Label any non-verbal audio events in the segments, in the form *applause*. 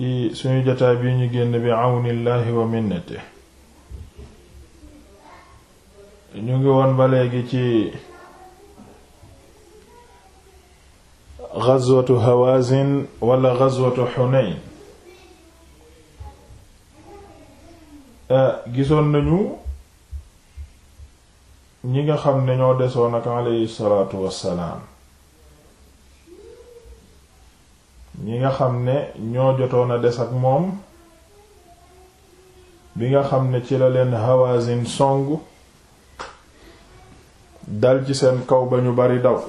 ci suñu jotaay bi ñu génn bi àwnillaahi wa minnati ñu ngi woon ba léegi ci ghazwatu hawazin wala ghazwatu hunain eh, gisoon nañu ñi nga xam ne ñoo desoon ak aleyhi salaatu wassalaam ñi nga xam ne ñoo jotoon a des ak moom bi nga xam ne ci la leen Hawazin song dal ci seen kaw ba ñu bari daw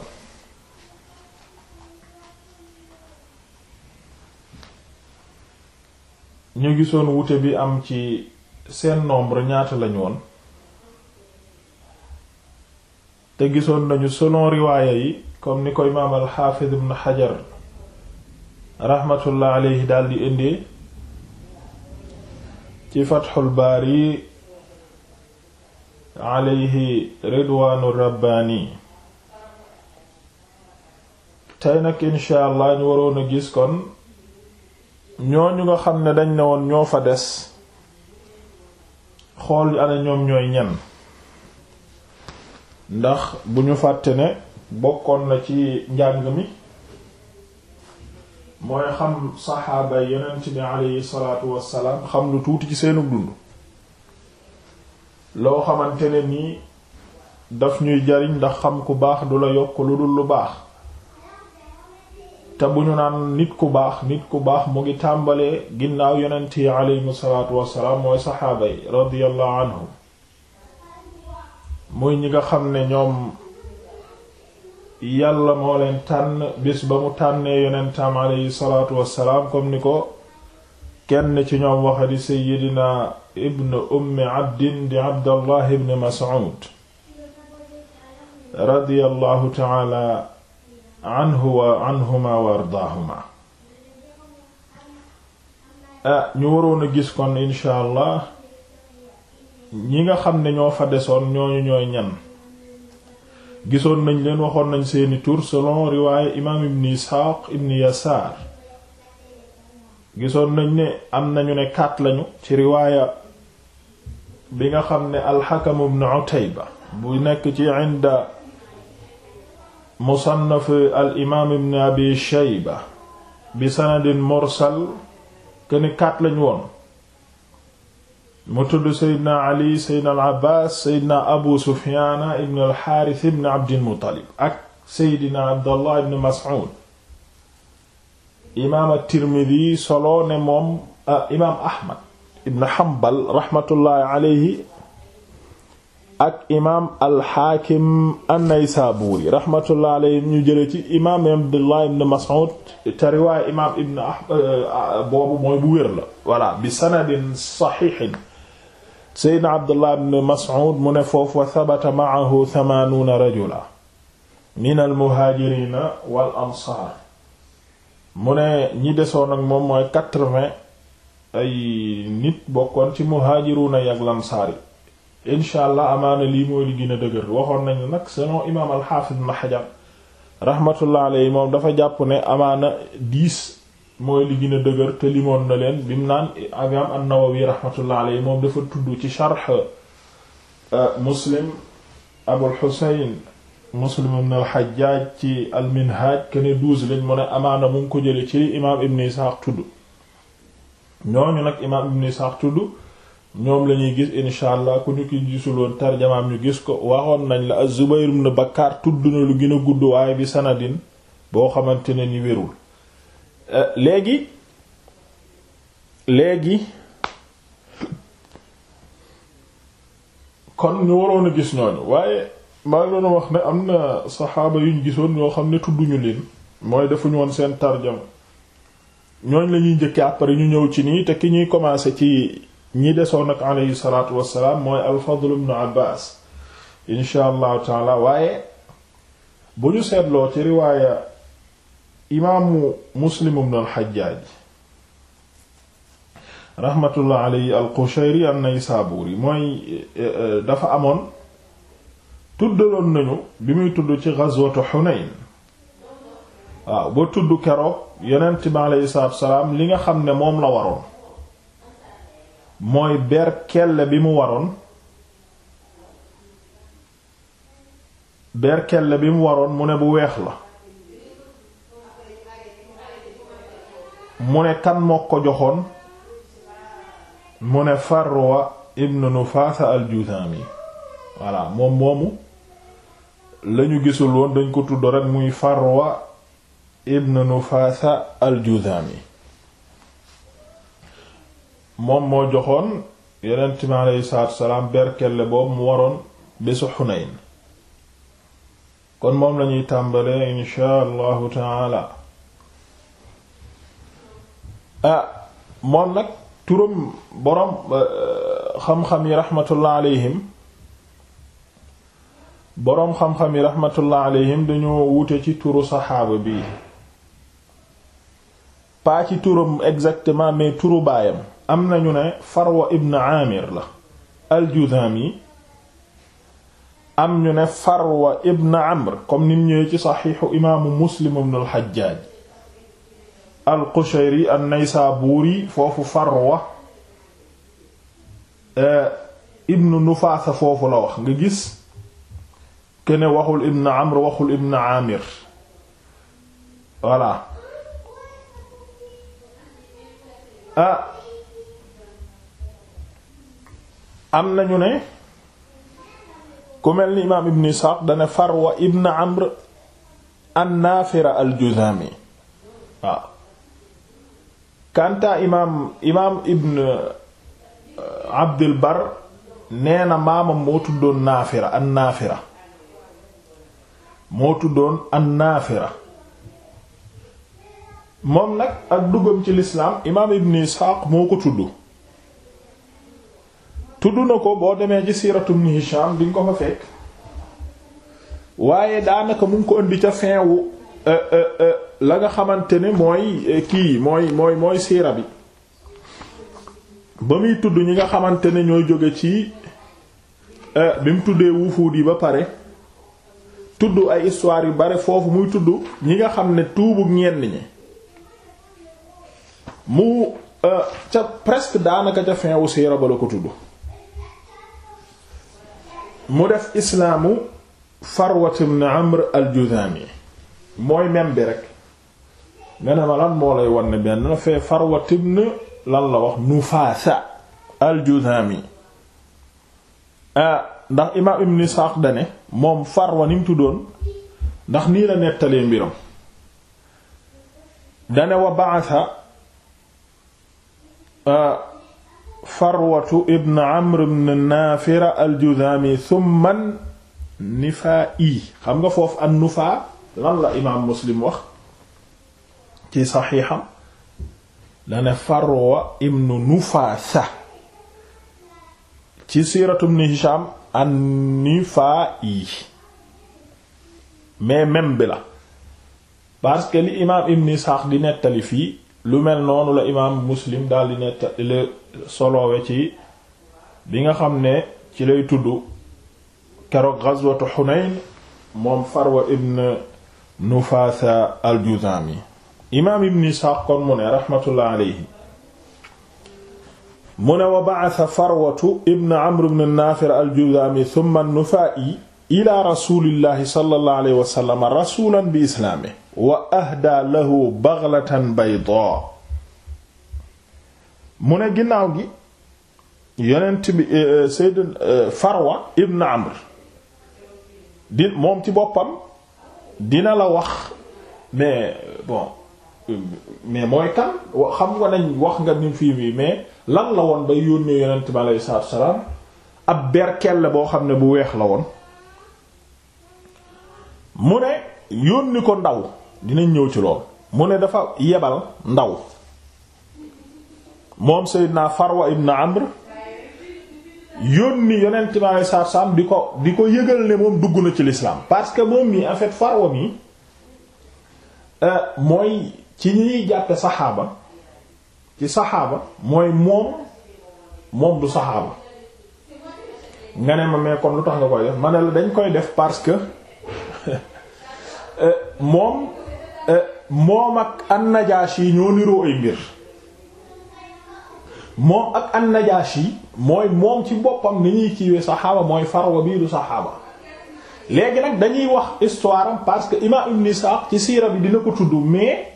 ñu gisoon wute bi am ci seen nombre ñaata lañu woon te gisoon nañu selon riwaaya yi comme ni ko imaam al-Hafiz ibn raxmatullah alayhi daal indi ci fatxul baari alayhi ridwaanu rabbaani tey nag incha allah ñu waroon a gis kon ñooñu nga xam ne dañ ne woon ñoo fa des xool ana ñoom ñooy ñan ndax bu ñu fàtte ne bokkoon na ci njàng mi mooy xam saxaaba yonent bi aleyhi salaatu wassalaam xam lu tuuti ci seenu dund loo xamante ne nii daf ñuy jariñ ndax xam ku baax du la yokk lu dul lu baax te bu ñu naan nit ku baax nit ku baax mu ngi tàmbalee ginnaaw yonent yi aleyhimu salaatu wassalaam mooy saxaaba yi radiyallahu muy ñi nga xam ne ñoom yàlla moo leen tànn bis ba mu tànnee yonentam aleyhi salaatu wassalaam comme ni ko kenn ci ñoom waxe di seydina ibn ummi abdin di abdallah ibn mas'ud radiyallahu ta'ala anhu wa anhuma wa ardaahuma ah ñu waroon a gis kon incha allah ñi nga xam ne ñoo fa desoon ñooñu ñooy ñan gisoon nañ leen waxoon nañ seeni tur selon riwaaye imaam ibn isxaaq ibn yasaar gisoon nañ ni am nañu ne kat lañu ci riwaaya bi nga xam ne alxakam ibn utayba bu nekk ci inda musannaf al imaam ibn abi shayba bi sanadin mursal këni kat lañu woon mu tudd seydna ali seydna al abbas seydna abu sufiana ibn al xaaris ibn abdilmutalib ak seydna abdallah ibn mas'ud imaam at-tirmidi solo ne moom ah, imaam ahmad ibn hanbal rahmatullahi alayhi ak imaam alxaakim an-naysaburi rahmatullahi alayhi ñu jële ci imaam abdullah ibn mas'ud te riwaaya imaam ibn ahmad ah, boobu mooy bu wér la voilà bi sanadin saxiixin seydna abdullah ibn mas'ud mu ne foofu wa sabata ma'ahu thamanuuna rajula min al wal ansaar mu ne ñi desoon ak moom mooy quatre-vingts ay nit bokkoon ci muhaajiruna yag lansaar yi incha allah amaana lii mooy li gën a dëgër waxoon nañu nag selon imaam alxaafis ibn xajar rahmatullah moom dafa jàpp ne amaana dix mooy li gën a dëgër te limoon na leen bi mu naan imaam an-Nawawi rahmatullah moom dafa tudd ci sharh uh, Muslim Abul Husayn Muslim ibn al-Hajjaj ci al-Minhaj kene douze lañ mu ne amaana mu ngi ko jële ci imaam Ibn Ishaq tudd ñooñu nag imaam Ibn Ishaq tudd ñoom lañuy gis insha ku ñu ki gisuloon tarjamaam ñu gis ko waxoon nañ la az-Zubayr ibn Bakkar tudd na lu gën a gudd waaye bi sanadin boo xamante ne ni wérul Euh, léegi léegi kon ñu waroon a gis ñooñu waaye maa ngi doon wax ne am na saxaaba ñu gisoon yoo xam ne tudduñu leen mooy defuñu woon seen tarjama ñooñ la ñuy njëkkee après ñu ñëw ci nii te ki ñuy commencé ci ñi desoo nag aleyhi salaatu wassalaam mooy al-Fadl ibn Abbas insha allahu taala waaye bu ñu seetloo ci riwaaya imaamu muslim ibn al-Hajjaj rahmatullah alayhi al-Qushayri an-Naysaburi mooy eh, eh, dafa amoon tuddaloon nañu bi muy tudd ci ghazwatu Hunayn waaw ba tudd keroog yonent bi li nga xam ne moom la waroon mooy ber kelle bi mu waroon ber kelle bi mu waroon mu ne bu weex la mu ne kan moo ko joxoon mu ne Farwa ibn Nufaasa al-Juzaami voilà moom moomu lañu gisul woon dañ ko tudd rekk muy Farwa ibn Nufaasa al moom moo joxoon yonent mi aleyhi salaatu salaam berkelle boobu mu waroon bésu Xunayn kon moom lañuy tàmbalee insha allahu ah moom nag turam borom eh, xam-xam yi rahmatullah alayhim boroom xam-xam yi rahmatullah alayhim dañoo wute ci turu saxaaba bi pas ci turam exactement mais turu baayam am nañu ne Farwa ibn Amir am ñu ne Farwa ibn Amr comme nim ñëwee ci saxiixu imaamu Muslim ibn al-Hajjaj al-Qushayri an-Naysaburi foofu Farwa eh, ibnu Nufaasa foofu la wax nga gis kene waxul ibn Amr waxul ibn Amir voilà ah, am nañu ne ku mel ni imaam ibn Isxaaq dane Farwa ibn Amr an-Naafira al-Juzaami waaw kanta imaam imaam ibn uh, abdul bar nee na maamam moo tuddoon naafira an naafira moom nag ak duggam ci lislaam imaam ibn isxaaq moo ko tudd tudd na ko boo demee ci siiratu ibn hisham ko fa fekk waaye daanaka mu ngi ko indi ca fin uh, uh, la nga xamante ne mooy eh, kii mooy mooy mooy siira bi ba muy tudd ñi nga xamante ne ñooy jóge ci eh, bi mu tuddee wufuud yi ba pare tudd ay histoire yu bare foofu muy tudd ñi nga xam ne tuubug ñenn ñi mu eh, ca presque daanaka ca fin wu siira ba la ko tudd mu def islaamu Farwat ibn Amr al-Juzami mooy même bi rek nga ne ma lan moo lay wan ne benn na fee Farwa ibn lan la wax Nufaasa al-Juzaami ah, ndax imaam ibn Isxaaq dane moom Farwa ni tuddoon ndax nii la nettalee mbiram dane wa baasa ah, Farwatu ibn Amr ibn Naafira al-Juzaami thumma nifaa'i xam nga foofu an-nufaa lan la imaam Muslim wax ci saxiixam dane farwa ibnu nufaasa ci siiratu ibnu hisham an nifaa yi mais même bi la parce que li imaam ibnu isxaaq di nettali fii lu mel noonu la imaam muslim daal di nettali la ci bi nga xam ne ci lay tudd keroog gazwatu xunayn moom farwa ibn nufaasa al juzaami imaam ibn Isxaaq kon mu ne raxmatullah alayhi mu ne wa ba'atha Farwatu ibn Amr ibn Naafir al-Juzaami thumma an-Nufaa'i ila rasulillahi sallallahu alayhi wa sallam rasulan bi islaamihi wa ahdaa lahu baghlatan baydaa mu ne ginnaaw gi yonent bi eh, eh, Seydou eh, Farwa ibn Amr di moom ci boppam dina la wax mais bon. mais mooy kan xam nga nañ wax nga ni fii bi mais lan la woon ba yónnee yonent bi aleyhi salaatu salaam ab berkelle boo xam ne bu weex la woon mu ne yónni ko ndaw dinañ ñëw ci lool mu ne dafa yebal ndaw moom Seydina Farwa ibn Amr yónni yonent bi aleyhi salaatu salaam di ko di ko yëgal ne moom dugg na ci l'islam parce que moom mii en fait Farwa mii euh, mooy ci ñi ñuy jàppe saxaaba ci saxaaba mooy moom moom du saxaaba nga ne ma mais kon lu tax nga koy def mane ne la dañ koy def parce que *laughs* euh, moom euh, moom ak an-Najaashi ñoo niroo ay mbir moom ak an yi mooy moom ci boppam ni ñuy kiiwee saxaaba mooy farwa bii du saxaaba léegi nag dañuy wax histoire am parce que imam Ibn Ishaq ci siira bi dina ko tudd mais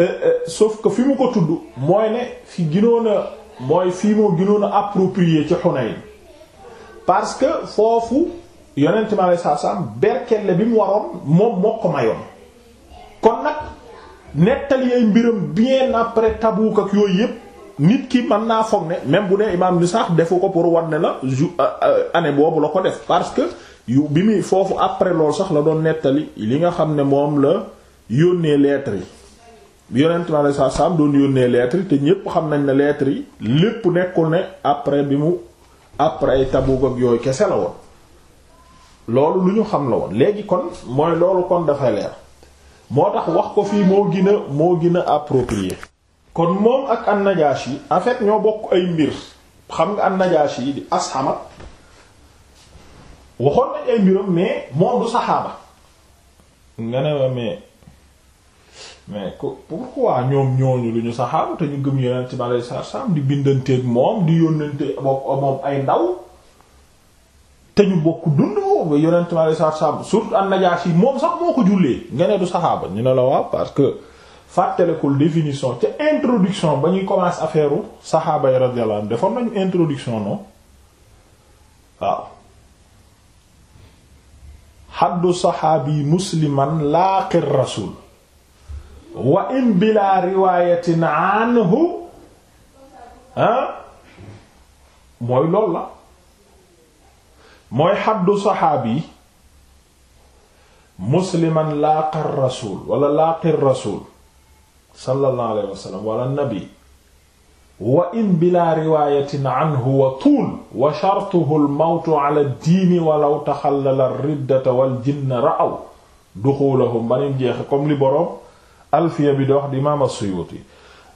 Euh, euh, sauf ko fi mu ko tudd mooy ne fi ginoon mooy fii moo ginoon a approprié ci Hunayn parce que foofu yonent mi aleyhi salaatu berkelle bi mu waroon moom moo ko mayoon kon nag nettali ay mbiram bien après Tabuk ak yooyu yëpp nit ki mën naa foog ne même bu ne imaam ni sax defu ko pour wan ne la ju euh, année boobu la ko def parce que yu bi muy foofu après loolu sax la doon nettali li nga xam ne moom la yónnee lettre yi yonent mi alayhi salaam doon yónnee lettre te ñépp xam nañ ne lettre yi lépp nekkul ne après bi mu après Tabuk ak yooyu kese la woon loolu lu ñu xam la woon léegi kon mooy loolu kon dafay moo tax wax ko fii moo gën a moo gën a approprié kon moom ak an-Najashi yi fait ñoo bokk ay mbir xam nga an-Najashi yi di asxama waxoon nañ ay mbiram mais moom du saxaaba nga ne mais mais pourquoi ñoom ñooñu lu ñu saxaaba te ñu gëm yonent bi alayhi di bindanteeg moom di yónnante moom ay ndaw te ñu bokk dund yonent bi alayhi salaam surtout an-Najaashi moom sax moo ko jullee nga ne du saxaaba ñu ne la waaw parce que fàttalekul définition ca introduction ba ñuy commence affaire saxaaba yi radiyallahu anhum defoon nañu introduction non waaw xaddu saxaabi musliman laaqir rasul wa in bila riwaayatin anhu ah mooy loolu la mooy xaddu saxaabi musliman laaqa rasul wala laaqi rasul sallallahu alayhi wa sallam wala nabi wa in bila riwaayatin anhu wa tuul wa shartuhu al-mawtu ala ad-diini walaw taxallala ar-riddata wal jinna ra'aw duxuulahum banim jeexe comme li boroom alfiya bi dox di imaam as-Suyuti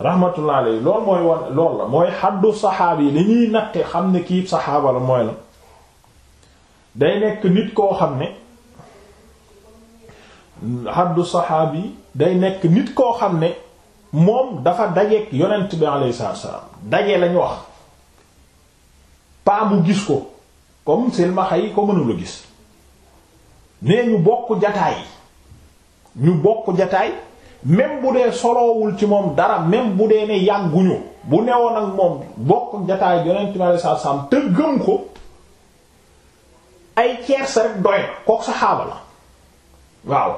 rahmatullah alayhi loolu mooy wan loolu la mooy xaddu saxaaba yi li ñuy natte xam ne kii saxaaba la mooy la day nekk nit koo xam ne xaddu saxaab yi day nekk nit koo xam ne moom dafa dajeek yonent bi alayhi salaam daje lañu wax paa gis ko comme silmaxa yi ko mënula gis nee ñu bokk jataay ñu bokk jataay même bu dee soloowul ci moom dara même bu dee ne yàgguñu bu newoon ak moom bokk jataay yonent mi alei satu salaam te ko ay tiers rek doy na kook saxaaba la waaw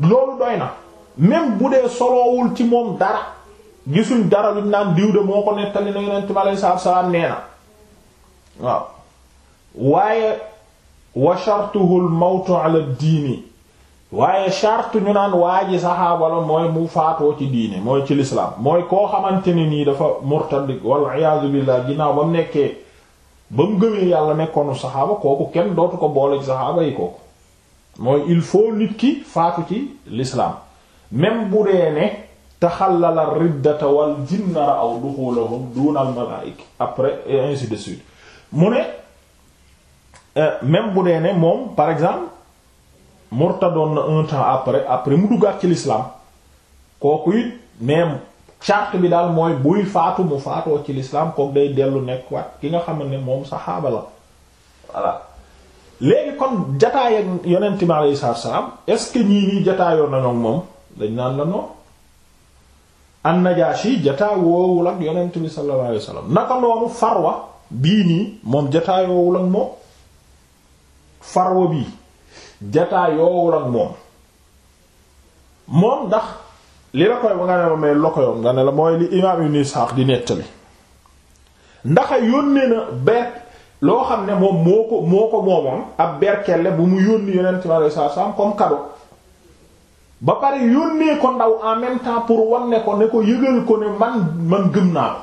loolu doy na même bu dee soloowul ci moom dara gisuñ dara luñ naan diw de moo ko nettali na yonent mi alei satu salaam nee na waaw waaye wa mawtu ala diini waaye charte ñu naan waa ji saxaaba la mooy mu faatoo ci diine mooy ci lislaam mooy koo xamante ni nii dafa murtad wal iyaazu billaah ginnaaw ba mu nekkee ba mu gëmee yàlla nekkoonu saxaaba kooku kenn dootu ko boole ci saxaaba yi kooku mooy il faut nit ki faatu ci lislaam même bu dee ne taxallala riddata wal jinnara aw duxulahum duna al malaa'ik après et ainsi de suite mu ne euh, même bu dee ne moom par exemple murtadoon na un après après mu duggaat ci l'islam kooku it même charte bi daal mooy buy faatu mu faatoo ci l'islam kooku day dellu nekk waat ki nga xam ne moom saxaaba la voilà léegi kon jataay ak yonent bi salaam est-ce que ñii nii jataayoon na moom dañ naan la noonu an-Najaashi jataa woowul ak yonent bi naka noonu farwa bii nii moom jataay woowul ak moom farwa bii jataa yoowul ak moom moom ndax li la koy ba nga ne ma la mooy li imaam ibn Ishaq di nettali ndax yónnee na ber loo xam ne moom moo ko moo ko moomoon ab berkelle bu mu yónni yonent mi alayhi salaatu salaam comme cadeau ba pare yónnee ko ndaw en même temps pour wan ne ko ne ko yëgal ko ne man man gëm naa ko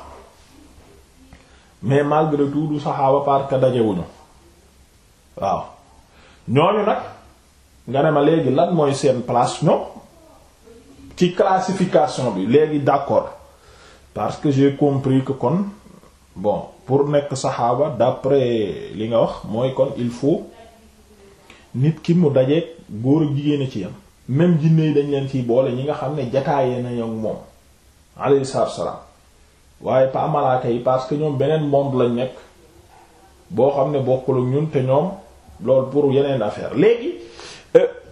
mais malgré tout du saxaaba parce dajewuñu waaw ñooñu nag nga ne ma léegi lan mooy seen place ñoom ci classification bi léegi d'accord parce que j'ai compris que kon bon pour nekk saxaaba d'après li nga wax mooy kon il faut nit ki mu dajeeg góor ak jigéen a ci yam même jinne yi dañ leen ciy boole ñi nga xam ne jataayee nañu ak moom alayhi salaam waaye pas malaaka yi parce que ñoom beneen monde lañ nekk boo xam ne bokkul ak ñun te ñoom loolu pour yeneen affaire léegi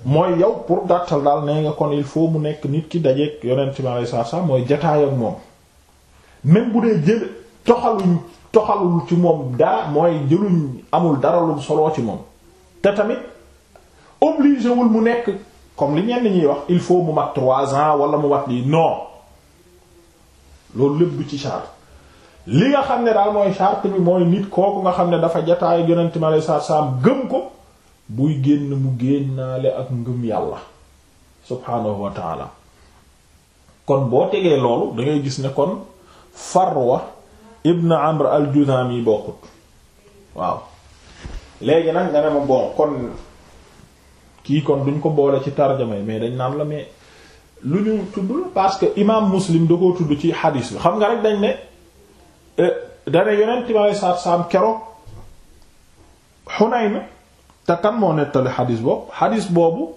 mooy yow pour gàttal daal nee nga kon il faut mu nekk nit ki dajeeg yonent mi alayhi salaatu salaam mooy jataay ak moom même bu dee jël toxaluñ toxalul ci moom daa mooy jëluñ amul dara lu soloo ci moom te tamit obligé wul mu nekk comme li ñenn ñuy wax il faut mu mat trois ans wala mu wat lii non loolu lépp du ci charte li nga xam ne daal mooy charte bi mooy nit kooku nga xam ne dafa jataay ak yonent mi alayhi salaatu gëm ko buy génn mu génnaale ak ngëm yàlla subhaanahu wa kon boo tegee loolu da gis ne kon farwa ibn amr al juzami bokkut waaw léegi nag nga ne ma bon kon kii kon duñ ko boole ci tarjama yi mais dañ naan la mais lu ñu tudd la parce que imam muslim da koo tudd ci xadiis bi xam nga rek dañ ne eh, dane yonent bi alei saatu salaam keroog te kan moo nettali xadis boobu xadis boobu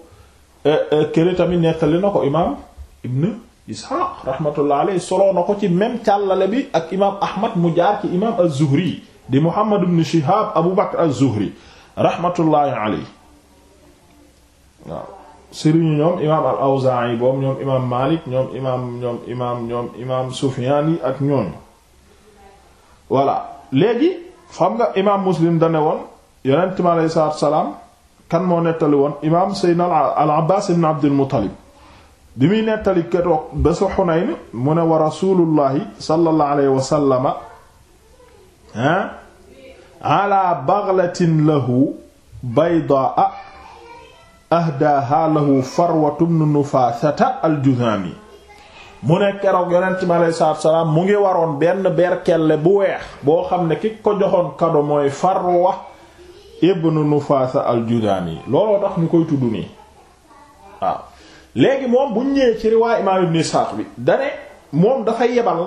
eh, eh, këri tamit nettali na ko imaam ibn Ishaq rahmatullah alayhi soloo na ko ci même càllale bi ak imaam Ahmad mu jaar ci imaam az-Zuhri di Muhammad ibn Shihab Abu Bakr az-Zuhri rahmatullahi alayhi waaw ñoom imaam al-Awzaa'i boobu ñoom imaam Maalik ñoom imaam ñoom yi ak ñooñu voilà léegi xam nga imaam Muslim da woon yonent mi aleyhi salaatu salaam kan moo nettali woon imaam Seydina al Abbaas ibn Abdul Muttalib bi muy nettali keroog bésu Xunayn mu ne wa rasuulullahi sallallahu alayhi wa sallama ah lahu baydaa ahdaaha lahu farwatu bnu nufaasata aljuzaami mu ne keroog yonent mi aleyhi salaatu mu ngi waroon benn berkelle bu weex boo xam ne ki ko joxoon kado mooy farwa ibnu nufaasa al-judaani looloo tax ñu koy tudd nii waaw léegi moom bu ñëwee ci riwaay imaam ibnu Isaaq bi dane moom dafay yebal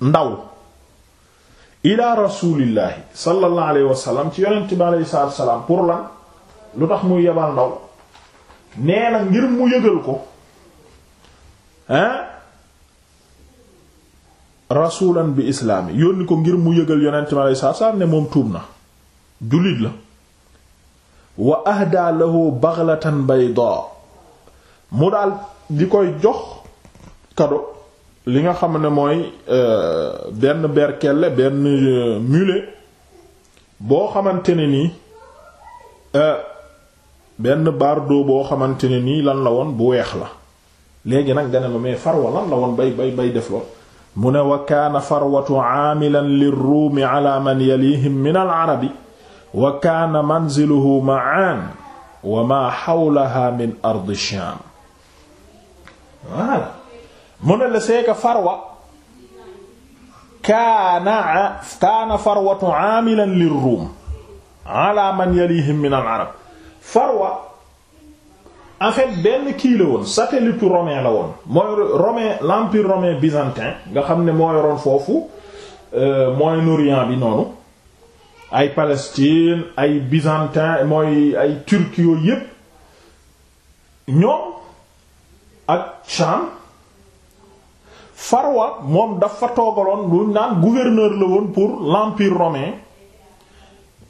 ndaw ila rasulillahi sallallahu alayhi ci yonent bi alayhi salaatu wa salaam pour lan lu tax muy yebal ndaw nee na ngir mu yëgal ko hein rasulan bi islaami yónni ko ngir mu yëgal yonent bi alayhi salaatu ne moom tuub na jullit la wa ahdaa lahu baghlatan bayda mu daal di koy jox kado li nga xam ne mooy euh, benn berkelle benn euh, mulet boo xamante ni nii euh, benn bardo boo xamante ni nii lan la woon bu weex la léegi nag dana ma mais farwa lan la woon bay bay bay def lool mu ne wa kaana farwatu aamilan lirruumi ala man min al arabi wa kaana manziluhu ma'an wa ma hawlaha min ardi sham voilà mu ne la seeka farwa kaana farwatu aamilan lirruum ala man yalihim min al arab farwa en fait benn kii la woon satellite romain la woon romain byzantin nga xam ne moo yoroon foofu euh, Moyen-Orient bi noonu ay Palestine ay byzantin mooy ay turc yooyu yépp ñoom ak chan Farwa moom dafa toogaloon lu naan gouverneur la woon pour l'empire romain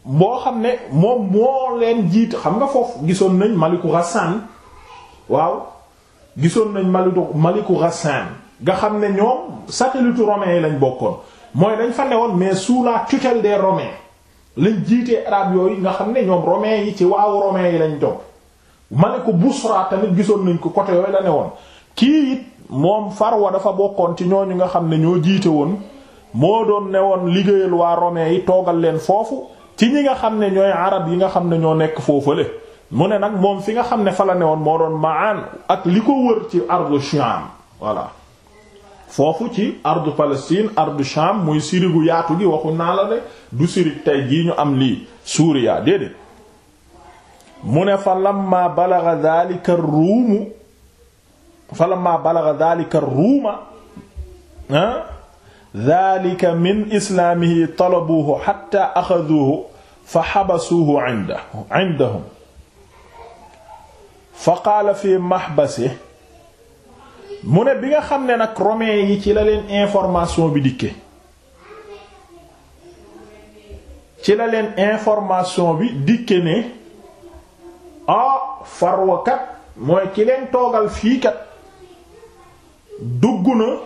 boo xam ne moom moo leen jiite xam nga foofu gisoon nañ Maliku Ghassan waaw gisoon nañ Maliku Maliku Ghassan nga xam ne ñoom satellite romain yi lañ bokkoon mooy dañ fa newoon mais sous la tutelle des romains lañ jiitee arab yooyu nga xam ne ñoom romains yi ci waaw romains yi lañ topp ma ne ko Busra tamit gisoon nañ ko côté yooyu la ne woon kii it moom Farwa dafa bokkoon ci ñoo ñooñu nga xam ne ñoo jiite woon moo doon ne woon liggéeyal waa romains yi toogal leen foofu ci ñi nga xam ne ñooy arab yi nga xam ne ñoo nekk foofale mu ne nag moom fi nga xam ne fa la ne woon moo doon Ma'an ak li ko wër ci ardu Sham voilà foofu ci ardu Palestine ardu Sham muy Syrie gu yaatu gi waxu naa la ne du Syrie tey jii ñu am lii Suuriya déedéet mu ne fa lamma balaga dhalika ruumu fa lamma balaga dhalika ruuma ah dhalika min islaamihi talabuhu hatta axaduhu fa habasuhu indahu indahum fa qaala fi mahbasihi mu ne bi nga xam ne nag romain yi ci la leen information bi dikke ci la leen information bi dikke ne ah Farwa mooy ki leen toogal fii kat dugg na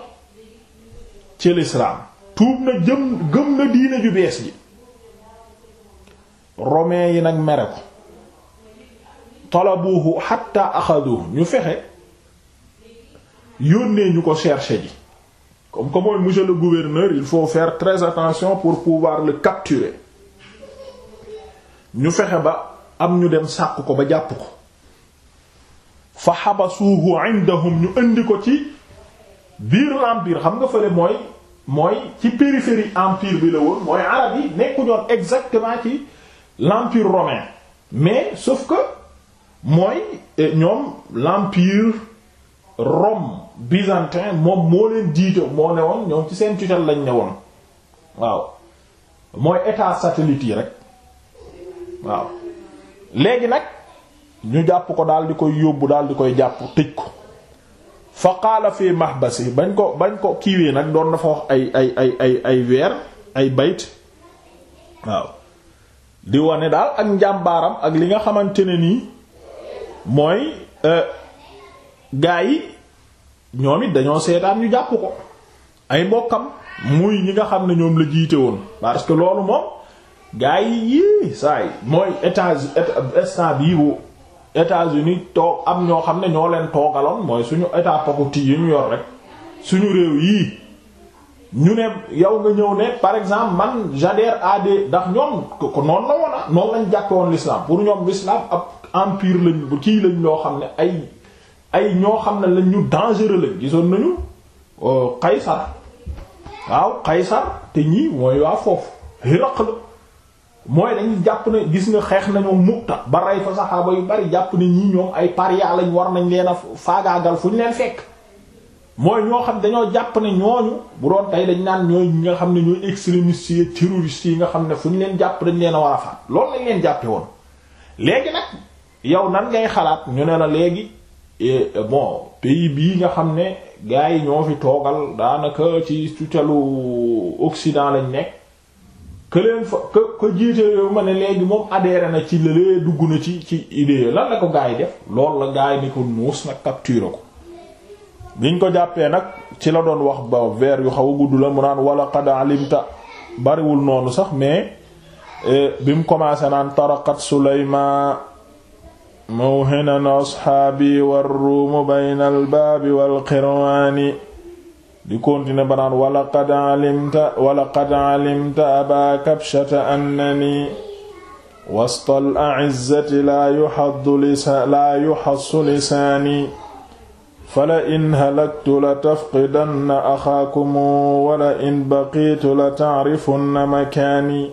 ci lislaam tuub na jëm gëm na diina ju bees ji romin yi nag mere ko talabuhu hatta axaduhu ñu fexe yónnee ñu ko chercher ji comme que mooy monsieur le gouverneur il faut faire très attention pour pouvoir le capturer ñu fexe ba am ñu dem sàq ko ba jàpp ko fa xabasuuhu indahum ñu indi ko ci biir l'empire xam nga fële mooy mooy ci périphérie empire bi la woon mooy arab yi nekkuñoon exactement ci l'empire romain mais sauf que mooy eh, ñoom l'empire Rome byzantin moom moo leen jiite moo ne woon ñoom ci seen tutelle lañ ne woon waaw mooy état satellite yi rek waaw léegi nag ñu jàpp ko daal di koy yóbbu daal di koy jàpp tëj ko fa qaala fi mahbasi bañ ko bañ ko kiiwee nag doon na fa wax ay ay ay ay weer ay bayt waaw di wane daal ak njàmbaaram ak li nga xamante ne nii mooy euh, gaa yi ñoom it dañoo seetaan ñu jàpp ko ay mbokkam muy ñi nga xam ne ñoom la jiite woon parce que loolu moom gars yi yii saa yi mooy états état bii bu États-Unis toog am ñoo xam ne ñoo leen toogaloon mooy suñu état pakoti yu ñu yor rek suñu réew yii ñu ne yow nga ñëw ne par exemple man j'adhère à des ndax ñoom ko noonu la woon ah, noonu lañ jàppe woon l'islam pour ñoom l'islam ab empire lañ kii lañ loo xam ne ay ay ñoo xam ne lañ ñu dangereux lañ gisoon nañu euh, Qaysar waaw Qaysar te ñii mooy waa foofu Hiraql mooy dañu jàpp ne gis nga xeex nañoo Mu'ta ba rey fa saxaaba yu bari jàpp ne ñii ñoom ay paria lañ war nañ leen a faagaagal fu ñu leen fekk mooy ñoo xam dañoo jàpp ne ñooñu bu doon tey dañ naan ñooy ñi nga xam ne ñooy extrémistes yi terroristes yi nga xam ne fu ñu leen jàpp dañ leen a war a faat loolu lañ leen jàppe woon léegi nag yow nan ngay xalaat ñu ne la léegi Euh, bon pays bii nga xam ne gars yi ñoo fi toogal daanaka ci tutelu Occident lañ nekk que leen fa que que ma ne léegi moom adhéré na ci lëlee dugg na ci ci idée lan la ko gars yi def loolu la gaa yi ni ko nuus nag capture ko biñ ko jàppee nag ci la doon wax ba vers yu xaw a gudd la mu naan wala qad alimta bariwul noonu sax mais euh, bi mu commencé naan taraqat Sulayma mawhinan asxaabi warruumu bayna albaabi walqirwaani di continuer banaan walaqad alimta walaqad alimta abaa kabshata annani wasta al a'izzati laa yuxassu lisaani fala in halaktu la tafqidanna axaakum wala in baqiitu la tacrifunna makaani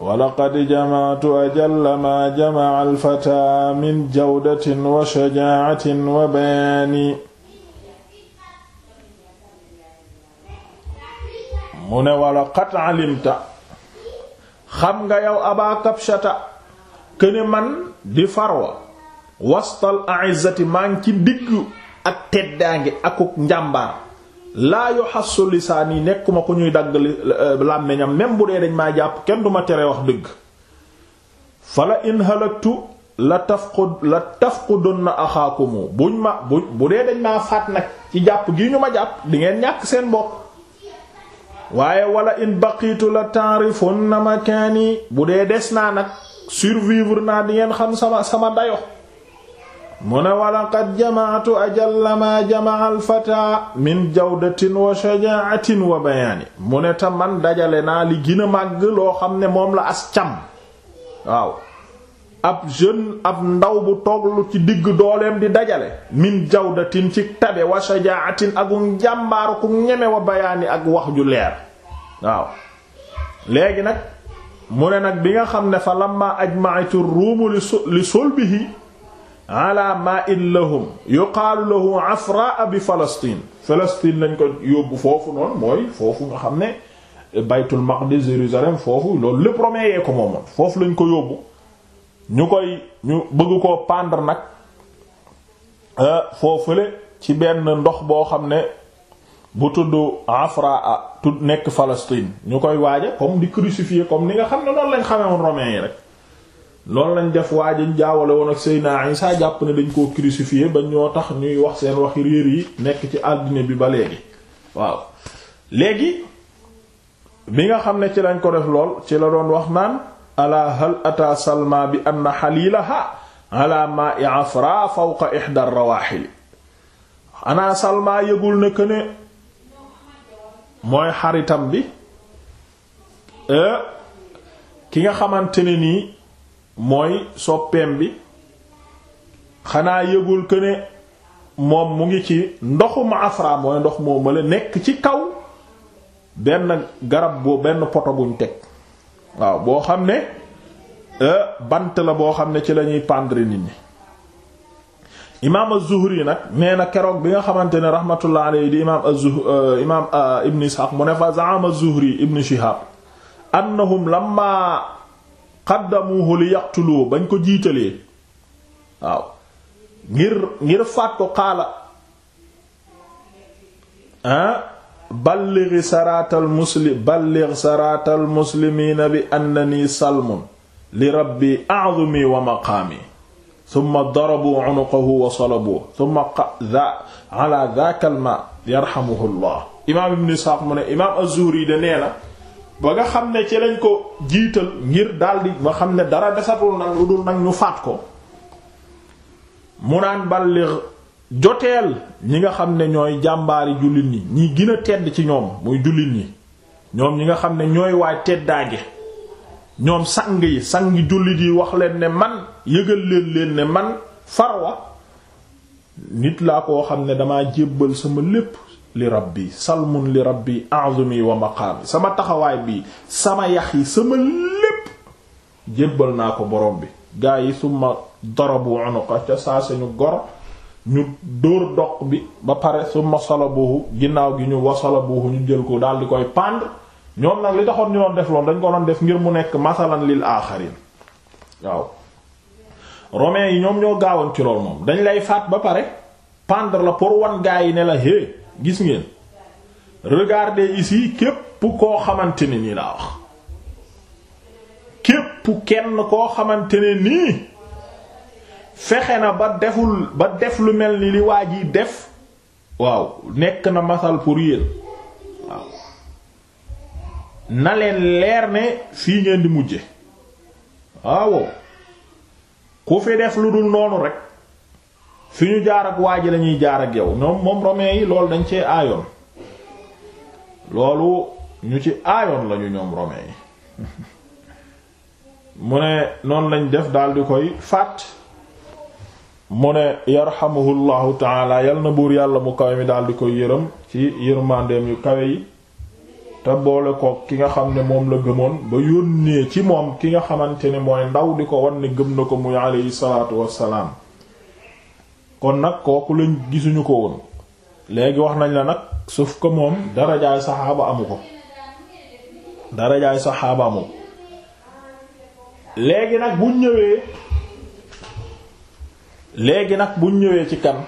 walaqad jamaatu ajalla maa jamaca alfataa min jawdatin wa shajaacatin wa bayaani mu ne walaqad calimta xam nga yow abaa kabshata këne man di farwa wastal aizati maa ci diggu ak teddaange akuk njàmbaar laa yu xasu lisaan yi nekkuma ko ñuy dagg euh, làmmiñam même bu dee dañ maa jàpp kenn duma tere wax dëgg fala in halaktu la tafqud la tafqudunna axaakumu buñ ma bu dee dañ maa faat nag ci jàpp gi ñu ma jàpp di ngeen ñàkk seen mbokk waaye walla in baqiitu la na ma ta'rifunna makaani bu dee des naa nag survivre naa dingeen xam sama sama dayo mu ne walaqad jamaatu ajalla ma jamaa alfata min jawdatin wa shajaatin wa bayaani mu ne ta man dajale naa li gën màgg loo xam ne moom la as cam waaw ab jeune ab ndaw bu toglu ci digg dooleem di dajale min jawdatin ci tabe wa shajaatin ak njàmbaaru um ku ñeme wa bayaani ak wax ju leer waaw léegi nag mu ne nag bi nga xam ne fa lamma ajma'atu ruumu li sulbihi ala ma'in lahum la lahu afraa bi Palestine Palestine lañ ko yóbbu foofu noonu mooy foofu nga xam ne baytul maqdis Jérusalem foofu loolu lépp Romain yee ko moom foofu lañ ko yóbbu ñu koy ñu bëgg koo pendre nag foofu euh, foofule ci benn ndox boo xam ne bu tudd afraa tudd nekk Palestine ñu koy waaja comme di crucifier comme ni nga xam ne loolu lañ xamee woon Romain yi rek loolu lañ def waa ji jaawale woon ak Seydina saa jàpp ne dañ koo crucifié ba ñoo tax ñuy wax seen waxi réer yi nekk ci àddina bi ba léegi waaw léegi bi nga xam ne ci lañ ko def lool ci la doon wax naan ala hal ata salma bi anna xalilaha ala ma'i afra fawqa ihda rawaxili ana salma yëgul ne ne mooy xaritam bi eh, ki nga xamante ne nii mooy soppeem bi xanaa yëgul que ne moom mu ngi ci ndoxuma afra mooy ndox moo mala nekk ci kaw benn garab boo benn poto buñ teg waaw boo xam ne euh, bant la boo xam ne ci lañuy ñuy pendre nit ñi imaam az-Zuhri nag nee na keroog bi nga xamante ne rahmatullah alayhi di imaam az-Zuhri euh, imaam euh, ibn Ishaq mu ne fa zaama az-Zuhri ibn Shihab annahum lamma xaddamuhu li yaqtulu bañ ko jiitalee waaw ngir ngir faat ko xaala ah ballighi saraatal muslim ballighi saraatal muslimiina bi annani salmun li rabbi a'zumi wa maqaami thumma darabu unuqahu wa salabu thumma qadha ala dhaaka al ma yarhamuhu allah imaam ibn Isxaaq mu ne imaam az-Zuhri de nee na ba nga xam ne ci lañ ko jiital ngir daldi ma xam ne dara desatul nag lu dul nag ñu faat ko mu naan balligh joteel ñi nga xam ne ñooy jàmbaari jullit ñi ñi gën a tedd ci ñoom muy jullit ñi ñoom ñi nga xam ne ñooy waay teddaage ñoom sang yi sang jullit yi wax leen ne man yëgal leen leen ne man farwa nit laa koo xam ne damaa jébbal sama lépp li rabbi salmun li rabbi a'zumi wa maqaami sama taxawaay bi sama yax yi sama lépp jébbal naa ko borom bi gaa yi summa darabu unuqa ca saa sañu gor ñu dóor doq bi ba pare solo salabuhu ginnaaw gi ñu wasalabuhu ñu jël ko daal di koy pendre ñoom nag li taxoon ñu doon def loolu dañ ko doon def ngir mu nekk masalan lil aaxarin waaw romains yi ñoom ñoo gaawoon ci lool moom dañ lay faat ba pare pendre la pour wan gaa yi ne la hé gis ngeen regardez ici képp koo xamante ne nii laa wax képp kenn koo xamante ne nii fexe na ba deful ba def lu mel ni li waa ji def waaw nekk na masal pour yéen na leen leer ne fii ngeen di mujje waaw ku fi def lu dul noonu rekk fi ñu jaar ak waa ji lañuy jaar ak yow ñoom moom romain yi loolu dañ cee aayoon loolu ñu ci aayoon lañu ñoom romain yi *laughs* mu ne noonu lañ def daal di koy faat mu ne yarxamuhullahu taala yal na buur yàlla mu kawe mi daal di koy yërëm ci yërmandeem yu kawe yi te boole ko ki nga xam ne moom la gëmoon ba yónnee ci moom ki nga xamante ne mooy ndaw di ko wan ne gëm na ko muy aleyhi salaatu wassalaam kon nag kooku lañ gisuñu ko woon léegi wax nañ la nag suuf ko moom darajaay saxaaba amu ko darajaay saxaaba amu léegi nag buñ ñëwee léegi nag buñ ñëwee ci kan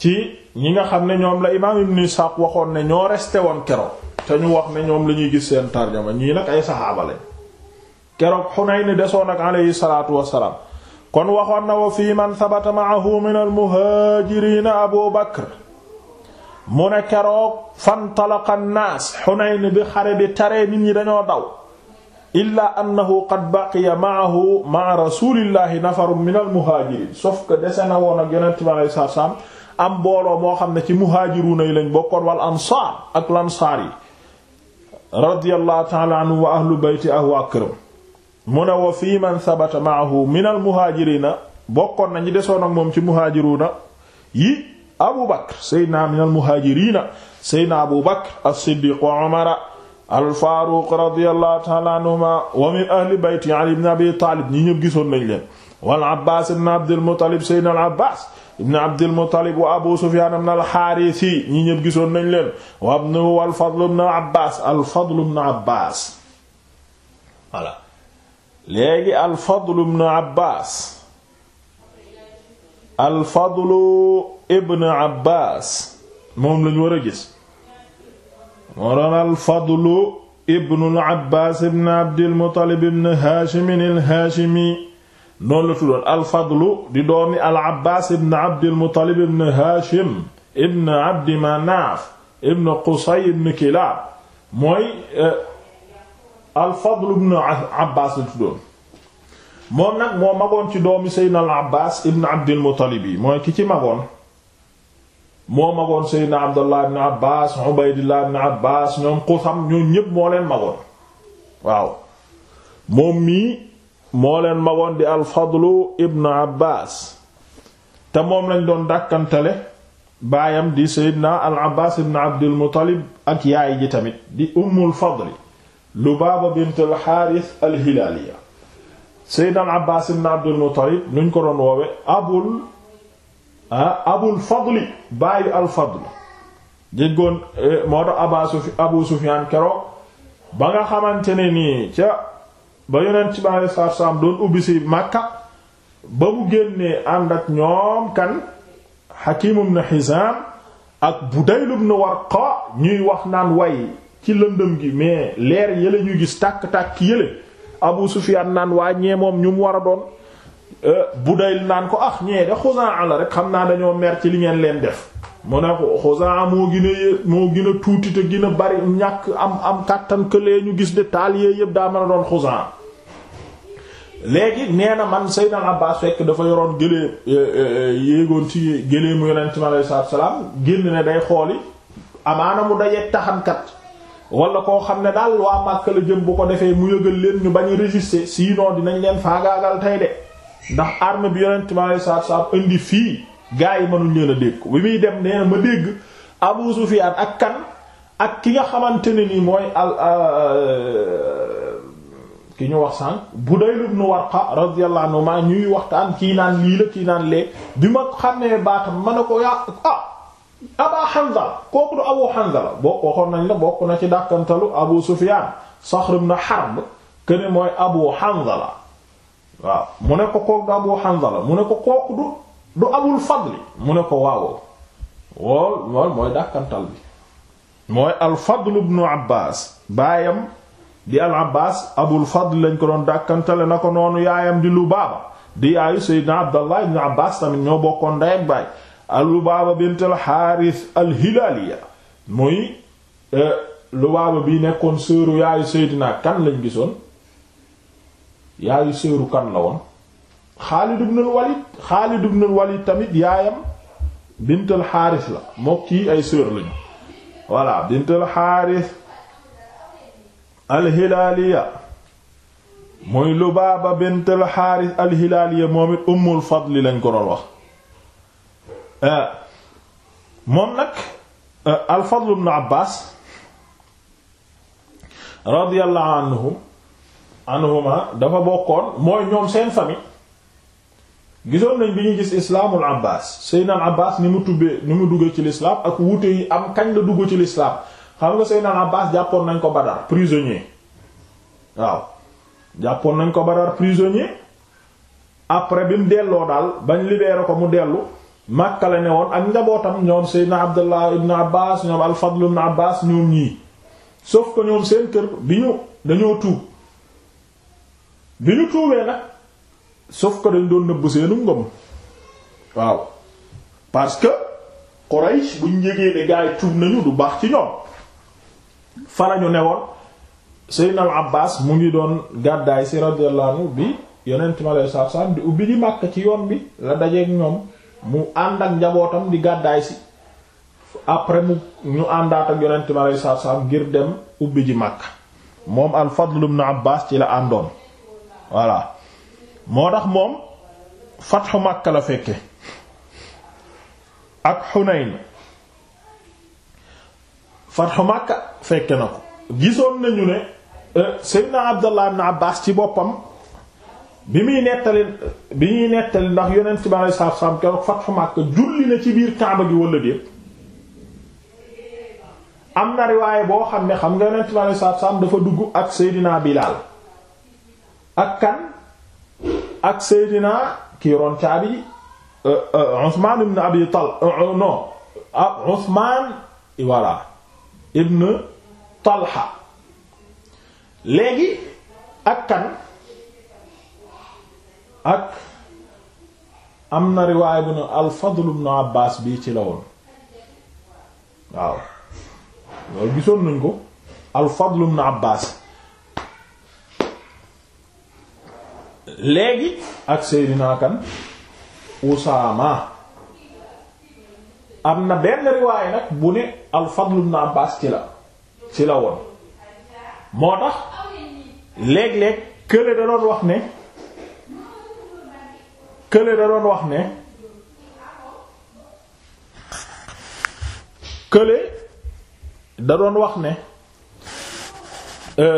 ci ñi nga xam ne ñoom la imaam ibn Isaaq waxoon ne ñoo resté woon keroog te ñu wax ne ñoom la ñuy gis seen tarjama ñii nag ay saxaaba lañ keroog Hunayn desoon ak alayhi salaatu wassalaam kon waxoon na wa fii man sabata ma'ahu min almuhaajiriina abu bakr mu ne keroog fantalaqa nnaas xunayn bi xare bi taree nit ñi dañoo daw illaa annahu qad baqiya ma'ahu ma'a rasulillahi nafarun min almuhaajiriin sauf que dese na woon ak yonent bi alayhi salaatu salaam am mbooloo moo xam ne ci muhaajiruuna yi lañ bokkoon wal ansaar ak lansaar yi radiyallahu ta'ala anhu wa ahlu bayti ahwa këram mu ne wa fii man sabata maahu min al muhaajirina bokkoon na ñi desoon ak moom ci muhaajiruna yi abu bakr seydna min al muhaajirina seydna abu bakr as-siddiq wa umara al faaruq radiyallahu ta'ala anhuma wa min ahli bayti ali ibn abi taalib ñi ñëpp gisoon nañ leen wal abbaas ibn abdul muttalib seydna al abbaas ibn abdul muttalib wa abu sufyaan ibn al haarisi ñi ñëpp gisoon nañ leen wa ibnu al fadl ibn abbaas al fadl ibn abbaas voilà léegi alfadlu ibn abbaas alfadlu ibn abbaas moom lañu war a gis moo doon alfadlu ibn abbaas ibn abdil muttalib ibn haashimin il haashimi noonu la tuddoon alfadlu di doomi al abbaas ibn abdil muttalib ibn haashim ibn abdi manaaf ibn qusay ibn kilaab mooy eh, al Fadl ibn Abbas la tuddoon moom nag moo magoon ci doomi Seydina al Abbas ibn Abdil yi mooy ki ci magoon moo magoon Seydina Abdullah ibn Abbas Ubaydillah ibn Abbas ñoom Qusam ñoom ñépp moo leen magoon waaw moom mii moo leen magoon di al Fadl ibn Abbas te moom lañ doon dàkkantale baayam di Seydina al Abbas ibn Abdil ak yaay ji tamit di Ummul Fadli lu bint al-Haaris al-Hilaaliya Seydina Abbaas ibn Abdul Muttalib nuñ ko doon woowe abul ah abul fadli baayu al fadli jéggoon eh, moo tax Abaa Abu Sufyaan keroog ba nga xamante ne nii ca ba yonent ci baayu saar saam doon ubbi si Makka ba mu génnee ànd ak ñoom kan Hakiim ibn Hizaam ak Budayl ibn Warqa ñuy wax naan way ci lëndëm gi mais leer yële ñu gis tàkk-tàkk yële Abu Sufyaan naan waa ñee moom ñu mu war a doon euh, Budayl naan ko ah ñee de Xuzaa la rek xam naa dañoo mer ci li ngeen leen def mu ne Xuzaa moo gën a moo gën a tuuti gin a bari ñàkk am am kàttan que ñu gis de taal yee yëpp daa mën a doon Xuzaa léegi nee na man Seydina Abbaas fekk dafa yoroon gëlee euh, euh, yéegoon ci gëlee mu yonent mi alayhi salaam génn ne day xooli amaana mu dajee taxankat wala koo xam ne daal waa Màkka la jëm bu ko defee mu yëgal leen ñu bañ a résister sinon dinañ leen faagaagal tey de ndax arme bi yonent mi alayhi salaatu indi fii gaa yi mënuñ leen a dégg bi muy dem nee na ma dégg Abu Sufyaan ak kan ak ki nga xamante ne ni mooy al euh, ki ñu wax sànq Budayl ibn Warqa radiyallahu anhu ñuy waxtaan kii naan lii la kii naan lee bi ma xam ne baatam mën ne ko yaa ah. Aba Hanzala kooku du Abu Hanzala bokk nañ la bokk na ci dàkkantalu Abu Sufyaan Saxr ibn Harb këne mooy Abu Hanzala waaw mu ne ko kooku du Abu Hanzala mu ne ko kooku du du Abul Fadli mu ne ko waawoo wool mooy dàkkantal bi mooy al Fadl ibn Abbaas baayam di al Abbaas Abul Fadl lañ ko doon dàkkantale na ko noonu yaayam di lu Lubaaba di yaayu Seydina Abdallah ibn Abbaas tamit ñoo bokkoon ndey baay Lubaaba lu al-Haaris al-Hilaaliya muy eh, Lubaaba bi nekkoon sëru yaayu Seydina kan lañ gisoon yaayu sëru tamit yaayam bint al-Haaris la mook kii ay muy Lubaaba bint al-Haaris al moom it Ummul Fadli lañ ko doon wax Euh, moom nag euh, al-Fadl ibn Abbas radiyallahu anhuma dafa bokkoon mooy ñoom seen famille gisoon nañ bi ñu gis islaamul abbas seynal abbas ni mu tubbee ni mu duggee ci l'islam ak wuute yi am kañ la dugg ci l'islam xam nga seynal abbas jàppoon nañ ko Badar prisonnier waaw jàppoon nañ ko Badar prisonnier après bi mu delloo daal bañ libéré ko mu dellu Makka la ne woon ak njabootam ñoom Seydina Abdullah ibn Abbas ñoom al-Fadl ibn ñoom ñii sauf que ñoom seen kër bi ñu dañoo tuub bi ñu tuubee nag sauf que dañ doon nëbb seenu ngëm waaw parce que Quraysh buñ njégee ne gaay tuub nañu du baax ci ñoom fa lañu ne woon Seydina al mu ngi doon gàddaay si radiyallahu anhu bi yonent mi alayhi salaatu salaam di ubbi di Makka ci yoon bi la dajeek ñoom mu ànd ak njabootam di gàddaay si après mu ñu àndaat ak yonent mi alayhi salaatu ngir dem ubbi ji Makka moom al Fadl ibn ci la àndoon voilà moo tax moom fatxu Makka la fekke ak Xunayn fatxu Makka fekke na ko gisoon nañu ne euh, Seydina Abdallah ibn Abbas ci boppam bi muy nettali bi ñuy nettali ndax yonent bi alei satu salaam keroog Fathu Makka julli na ci biir Kaaba gi wala déet am na riwaaye boo xam ne xam nga yonent bi alei satu salaam dafa dugg ak Seydina Bilaal ak kan ak Seydina kii roon caabi ji euh, euh, Usmaan ibn Abi Tal euh, non Usmaan voilà ibn Talha léegi ak kan ak am na riwaay bu ne al-Fadl ibn bii ci la woon waaw gisoon nañ ko al-Fadl ibn léegi ak Seydina kan am na benn riwaay nag bu ne al-Fadl ibn ci la ci la woon moo tax léeg-léeg kële da doon wax ne kële da doon wax ne kële da doon wax ne e,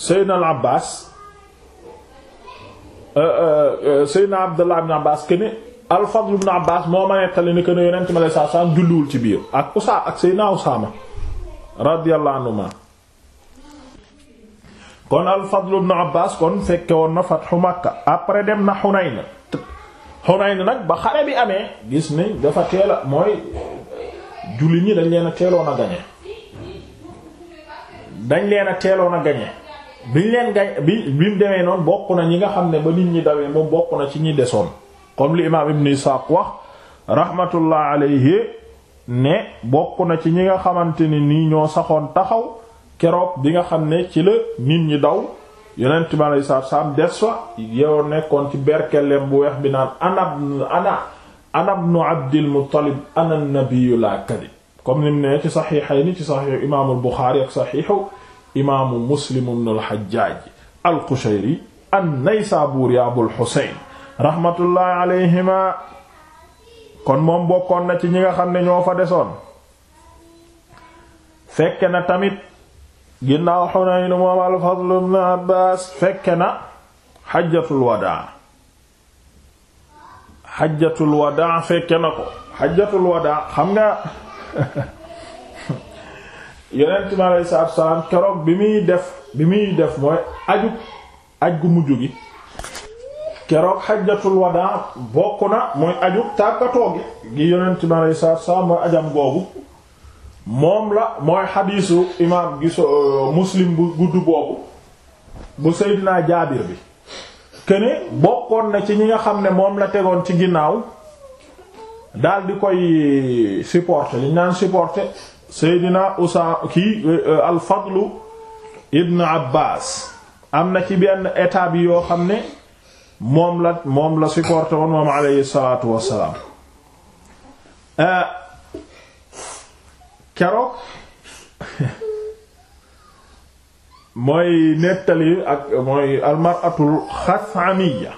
Seydina al Abbaas e, e, Seydina Abdullah ibn Abbaas këne al Fadl ibn Abbaas moo ma nettali ni këne yonent ma lay saa saa ci biir ak Usaama ak Seydina Usaama radiyallahu anhuma kon al-Fadl ibn kon fekke woon na fathu Makka après dem na Hunayn Hunayn nag ba xare bi amee gis ni dafa teel a mooy jullit ñi dañ leen a teeloon a gañe dañ leen a teeloon a gañe bi bi mu demee noonu bokk na ñi nga xam ne ba nit ñi dawee moom bokk na ci ñi desoon comme li imaam Ibn Isaaq wax rahmatullah alayhi ne bokk na ci ñi nga xamante ni nii ñoo saxoon taxaw keroog bi nga xam ne ci la nit ñi daw yonent bi aleyhi salaatu salaam des fa yow nekkoon ci berkelem bu weex bi naan anab ana anab nu abdil muttalib ana nabiyyu la kadib comme ni mu ne ci saxiixayni ci saxiixu imaamul buxaari ak saxiixu imaamu muslim ibnul xajjaaj al-qushayri an-naysaabuuri abul xuseyn rahmatullahi alayhima kon moom bokkoon na ci ñi nga xam ne ñoo fa desoon fekk na tamit ginnaaw Xunayn moom al-Fadl ibn fekke na xajjatul wadaa xajjatul wadaa fekke na ko xajjatul wadaa xam nga *laughs* yonent mi alayhi salaatu salaam keroog bi muy def bi muy def mooy aju aj gu mujj gi keroog xajjatul wadaa bokk na mooy aju tàggatoo gi gi yonent mi alayhi salaatu salaam mooy ajam googu moom la mooy xadiisu imaam giso euh, muslim bu gudd boobu bu seydinaa jaabir bi këne bokkoon na ci ñi nga xam ne moom la tegoon ci ginnaaw daal di koy supporter li ñu naan supporter seydinaa usa kii euh, al fadlu ibn abbas am na ci benn état bi yoo xam ne moom la moom la supporter woon moom aleyhi salaatu wassalaam euh, keroog mooy nettali ak mooy almaratul xasamiya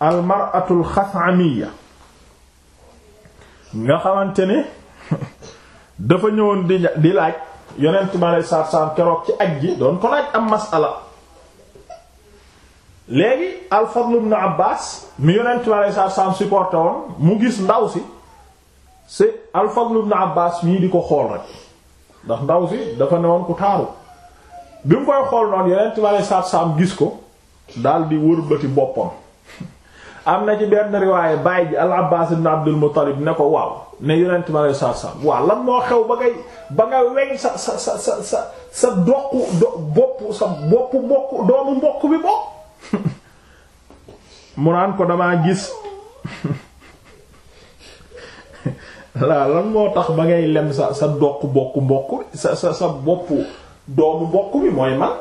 almaratul xasamiya nga xamante ni *laughs* dafa ñëwoon di di laaj yonent ma saar saar keroog ci aj ji doon ko laaj am masala léegi alfadlu ibn abbas mi yonent ma lay saar saar supporté woon mu gis ndaw si si al-Fadl ibn Abbas di ko xool rek ndax ndaw si dafa newoon ku taaru bi mu koy xool noonu yeneen tubaab yi saabsaab gis ko daldi di wërbati boppam. *laughs* am na ci benn riwaaye baay ji al-Abbas ibn Abdul Muttalib ne ko waaw ne yeneen tubaab yi saabsaab waaw lan moo xew ba nga weñ sa sa sa sa sa sa doqu do bopp sa boppu mbokk doomu mbokk bi bokk. *laughs* mu naan ko damaa gis. *laughs* laa lan moo tax ba ngay lem sa sa doq bokk mbokk sa sa sa bopp doomu mbokk mi mooy man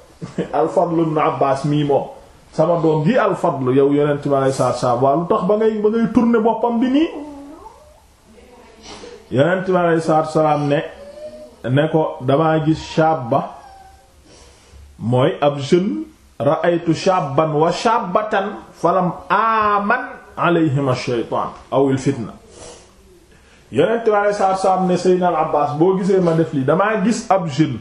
*laughs* alfadlu ibn mii moom sama doom ji alfadlu yow yonent ma lay sa saar waa lu tax ba ngay ba ngay boppam bi nii yonent bi aleyhi salaatu salaam ne ne ko damaa gis shabba mooy ab jeune ra'aytu shabban wa shabbatan falam aman alayhima shaytaan awil fitna yonent bi alei saatu salaam ne Seydina al boo gisee ma def lii damaa gis ab jeune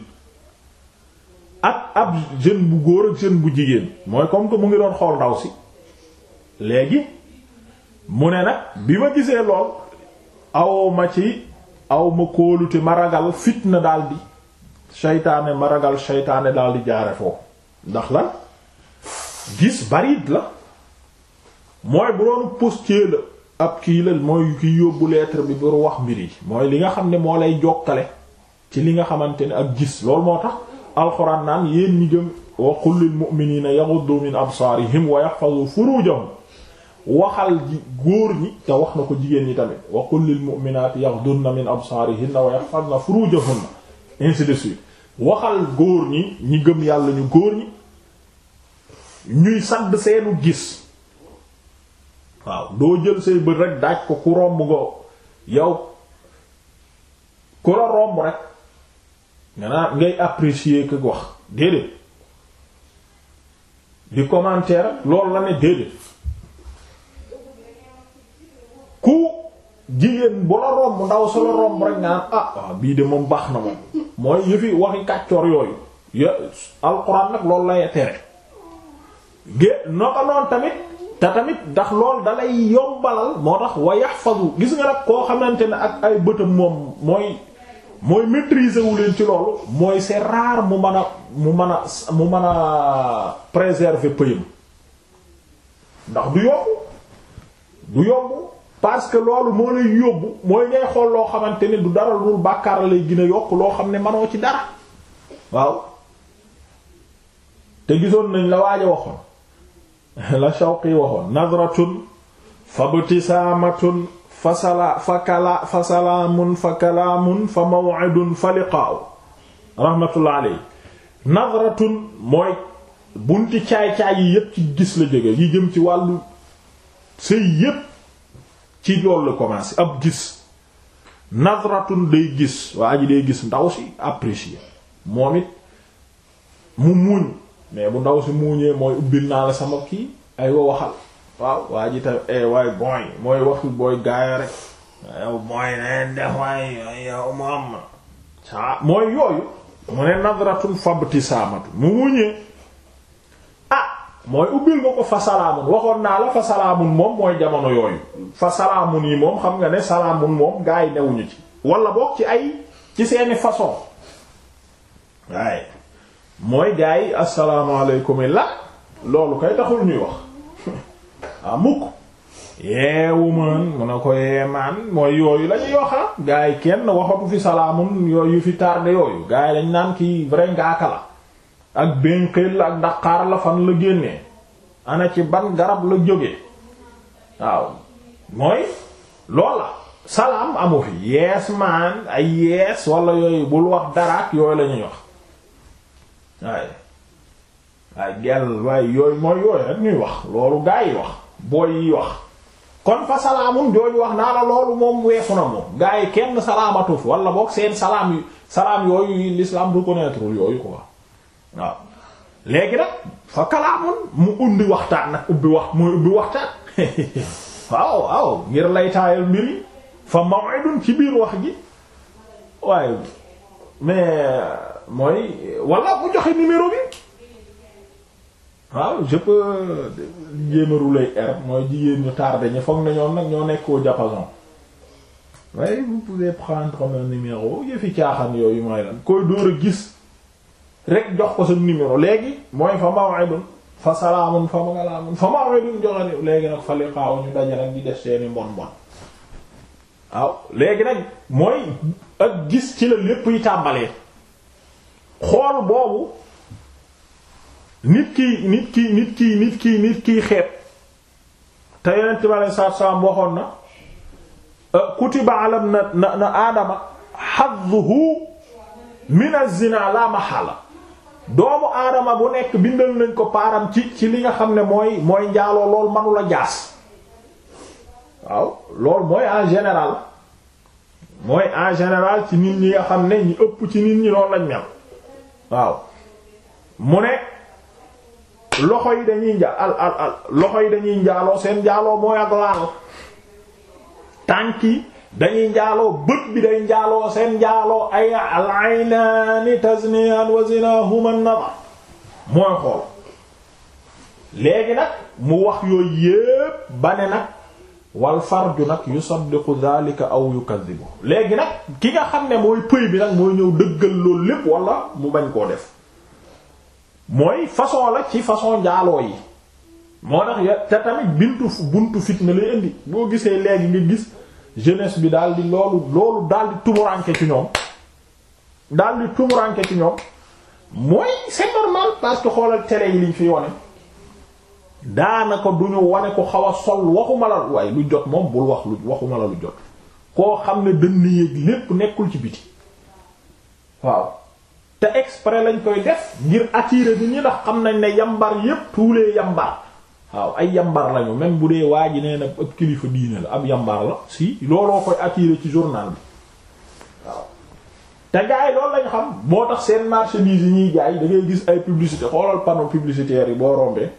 ak ab jeune bu góor ak jeune bu jigéen mooy comme que mu ngi doon xool ndaw si léegi mu ne nag bi ma gisee lool aw ci awma ma kóolute ma ragal na daldi seytaane ma ragal seytaane daldi jaare foofu ndax la gis bariit la mooy bu doon posté la ab kii la mooy ki yóbbu lettre bi pour wax mbir yi mooy li nga xam ne moo lay jokkale ci li nga xamante ne ak gis loolu moo tax alxuraan naan yéen ñi gëm wa qul lil mu'minina yaghuddu min absaarihim wa yahfazu furujahum waxal ji góor ñi te na ko jigéen ñi tamit wa qul lil mu'minati yaghdudna min absaarihinna wa yahfazna furujahunna ainsi de suite waxal góor ñi ñi gëm yàlla ñu góor ñi ñuy sadd seenu gis waaw doo jël say bët rek daaj ko ku romb nga yow ku la romb rek nga naan ngay apprécier ko wax déedéet di commentaire loolu la ne déedéet ku jigéen bu la romb ndaw sa la romb rek nga naan ah waaw bii de moom baax na moom mooy yëfi waxi kàccoor yooyu ya alxuraan nag loolu lay tere gé noo noonu tamit te tamit ndax lool dalay yombalal moo tax wa yaxfazu gis nga nag koo xamante ne ak ay bëtam moom mooy mooy maîtriser wu leen ci loolu mooy c'est rare mu mën a mu mën a mu mën a préserver pëyam ndax du yomb du yomb parce que loolu moo lay yóbbu mooy ngay xool loo xamante ne du dara dul bàkkaar lay gën a yokk loo xam ne manoo ci dara waaw te gisoon nañ la waaj a waxoon la Shawqi waxoon nadratun fa btisaamatun fa sala fa kala fa salaamun fa kalaamun fa maw'idun fa liqaa'u rahmatullah aley nadratun mooy bunti caay-caay yi yépp ci gis la jóge yi jëm ci wàllu sëy yépp ci loolu la commencé ab gis nadratun day gis waa ji day gis ndaw si apprécier moom it mu muñ mais bu ndaw si muuñee mooy ubbil naa la sama kii ay wa waxal waaw waa ji tam eh, waay booy mooy waxi booy gaaya rek yow booy neen def waay moom mooy yooyu mu ne nadratul fabti saamatu mu muuñee ah mooy ubbil nga ko fa salaamun waxoon naa la fa salaamun moom mooy jamono yooyu fa salaamun yi moom xam nga ne salaamun moom gaa newuñu ci wala boog ci ay ci seeni façon waaye mooy gars yi asalaamaaleykum la loolu kay taxul ñuy wax *laughs* ah yeewu eh, eh, man mun a ko yeemaan mooy yooyu la ñuy wax ah. gars yi kenn waxatu fi salaamun yooyu fi tardé yooyu gars yi dañ naan kii vrai ngaaka la ak benqeel la ak daqaar la fan la génnee ana ci ban garab la jóge waaw mooy loolu la salaam amu fi yees maan ay yees wala yooyu bul wax dara ak yooyu la wax. waaye waaye gel waaye yooyu mooy yooyu rek ñuy wax loolu gaa yi wax booy yi wax kon fa salaamun jooju wax naa la loolu moom weesu na moom gaa yi kenn salaamatu fi wala boog seen salaam yu salaam yooyu l'islam reconnaître yooyu quoi waaw léegi nag fa kalaamun mu undi waxtaan nag ubbi wax muy ubbi waxtaan *laughs* waaw waaw ngir lay taayal mbir yi fa maw'idun ci biir wax gi waaye mais mooy wala bu joxe numéro bi waaw je peux jéem a R mooy jigéen ñu tardé ñu foog nañoo nag ñoo nekk au diapason waaye vous pouvez prendre mon numéro yëfi caaxaan yooyu mooy lan koy dóor a gis rek jox ko sa numéro léegi mooy fa maw'idun fa salaamun fa magalamun fa maw'idun joxe léegi nag fa liqa'u ñu daje di def seeni mbon mbon waaw léegi nag mooy ak gis ci la lépp yi tàmbalee xool boobu nit ki nit ki nit ki nit ki nit ki xeeb te yeneen ci wàllu saabsaab waxoon na kutiba ala na na na aadama hadduhu min az-zina la mahala doomu aadama bu nekk bindal nañ ko paaram ci ci li nga xam ne mooy mooy njaaloo lool manu la jaas waaw loolu mooy en général mooy en général ci nit ñi nga xam ne ñi ëpp ci nit ñi loolu lañ mel. waaw mu ne loxo yi dañuy nja al al al loxo yi dañuy njaaloo seen njaaloo mooy ak laal tànk yi dañuy njaaloo bët bi day njaaloo seen njaaloo ay al aynaani tazniyan wa zinahuma an-nazar mooy xool léegi nag mu wax yooyu yépp ba ne nag wal farju nag yusaddiqu dhalika aw yukadhibu léegi nag ki nga xam ne mooy pëy bi nag mooy ñëw dëggal loolu lépp wala mu bañ koo def mooy façon la ci façon njaaloo yi moo tax ya te tamit bintu buntu fitna lay indi boo gisee léegi nga gis jeunesse bi daal di loolu loolu daal di tumuranke ci ñoom dal di tumuranke ci ñoom mooy c'est normal parce xoolal télé yi liñ fiy wone daanaka duñu ñu wane ko xaw a sol waxuma la waaye lu jot moom bul wax lu waxuma lu jot koo xam ne dënn yéeg lépp nekkul ci biti waaw te exprès lañ koy def ngir attirer nit ñi ndax xam nañ ne yambar yépp tous les yambar waaw ay yambar lañu même bu dee waa ji nee kilifa diine la ab yambar la si looloo koy attirer ci journal bi waaw te gars yi loolu lañ xam boo tax seen marchandise yi ñuy jaay da gis ay publicité xoolal panneau publicitaire yi boo rombee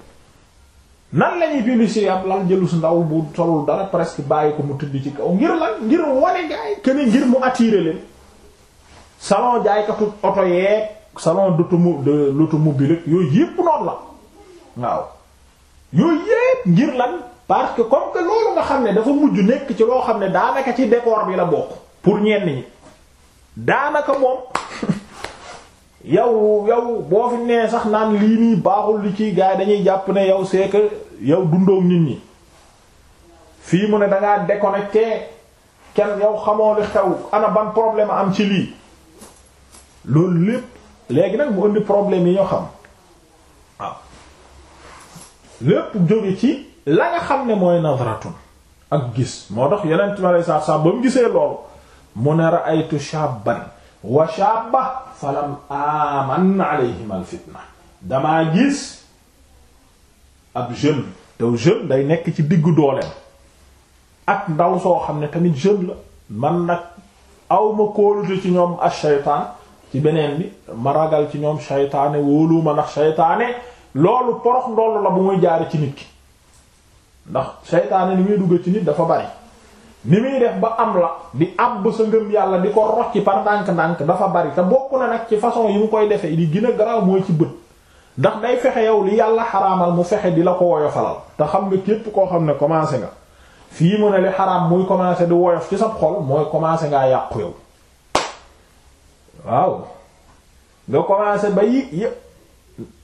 nan lañuy publicité am lan jëlu si ndaw bu solul dara presque bàyyi ko mu tëdd ci kaw ngir lan ngir wane gaay kene ngir mu attirer leen salon jaaykatu oto yeeg salon d'automobile de l'automobile yooyu yépp noonu la waaw yooyu yépp ngir lan parce que comme que loolu nga xam ne dafa mujj nekk ci loo xam ne daanaka ci décor bi la bokk pour ñenn ñi daanaka moom *laughs* yow yow boo fi nee sax naan lii nii baaxul li ciy gars yi dañuy jàpp ne yow seeka yow dundoog nit ñi fii mu ne dangaa déconnecté kenn yow xamoo li xew ana ban problème am ci lii loolu lépp léegi nag mu indi problème yi ñoo xam waaw lépp jóge ci la nga xam ne mooy nazratun ak gis moo tax yeneen ma lay saa saa ba mu gisee loolu mu ne ra'aytu shabban wa shabba falam aman alayhim al fitna damaa gis ab jeune te jeune day nekk ci diggu dooleem ak ndaw soo xam ne tamit jeune la man nag awma kóolute ci ñoom ak shaytaan ci beneen bi ma ragal ci ñoom shaytaane wóoluuma ndax shaytaane loolu porox ndoll la bu muy jaari ci nit ki ndax shaytaane ni muy dugg ci nit dafa bari ni muy def ba am la di àbb sa ngëm yàlla di ko rox ci par ndànk-ndànk dafa bari te bokk na nag ci façon yi mu koy defee di gën a garaaw mooy ci bët ndax day fexe yow li yàlla xaraamal mu fexe di la ko woyofalal te xam nga képp koo xam ne commencé nga fii mu ne li xaraam muy commencé di woyof ci sa xol mooy commencé ngaa yàqu yow waaw nga commencé ba yi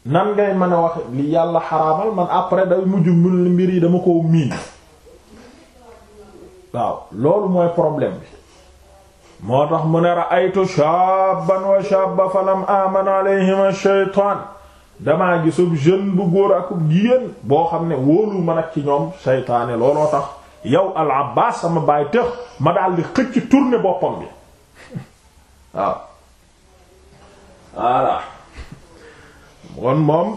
nan ngay mën a wax li yàlla xaraamal man après day mujj mun li mbir yi dama ko miin waaw loolu mooy problème bi moo tax mu ne ra'aytu shaban wa shabba falam amana alayhim ash-shaytan damaa gisub jeune bu góor ak jigéen boo xam ne wóolu ma nag ci ñoom saytaane looloo tax yow al abbas sama baay tëx ma daal di xëcc tourné boppam bi waaw voilà kon moom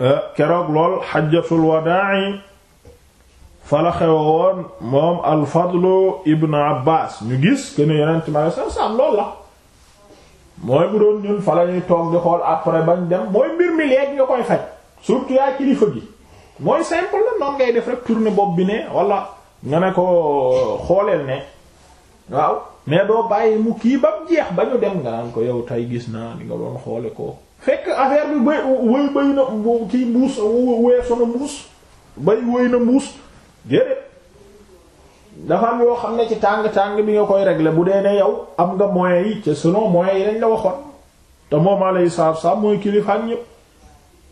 euh, keroog lool xajjatul wadaa fa la xew woon moom al fadlu ibn abbas ñu gis que ne yeneen ma sa sam lool la mooy bu doon ñun fa la ñuy toog di xool après bañ dem mooy mbir mi léegi nga koy faj surtout yaa kilifa gi mooy simple la noonu ngay def rek tourner bopp bi ne wala nga ne ko xooleel ne waaw mais doo bàyyi mu kii ba mu jeex ba ñu dem nga naan ko yow tey gis naa li nga doon xoole ko fekk affaire bi bay wëy bay na kii mbuus weesu na mbuus bay wëy na mbuus déedéet dafa am yoo xam ne ci tàng-tàng bi nga koy régler bu dee ne yow am nga moyens yi ca selon moyens yi lañ la waxoon te moom alayhi salaam mooy kilifaan ñëpp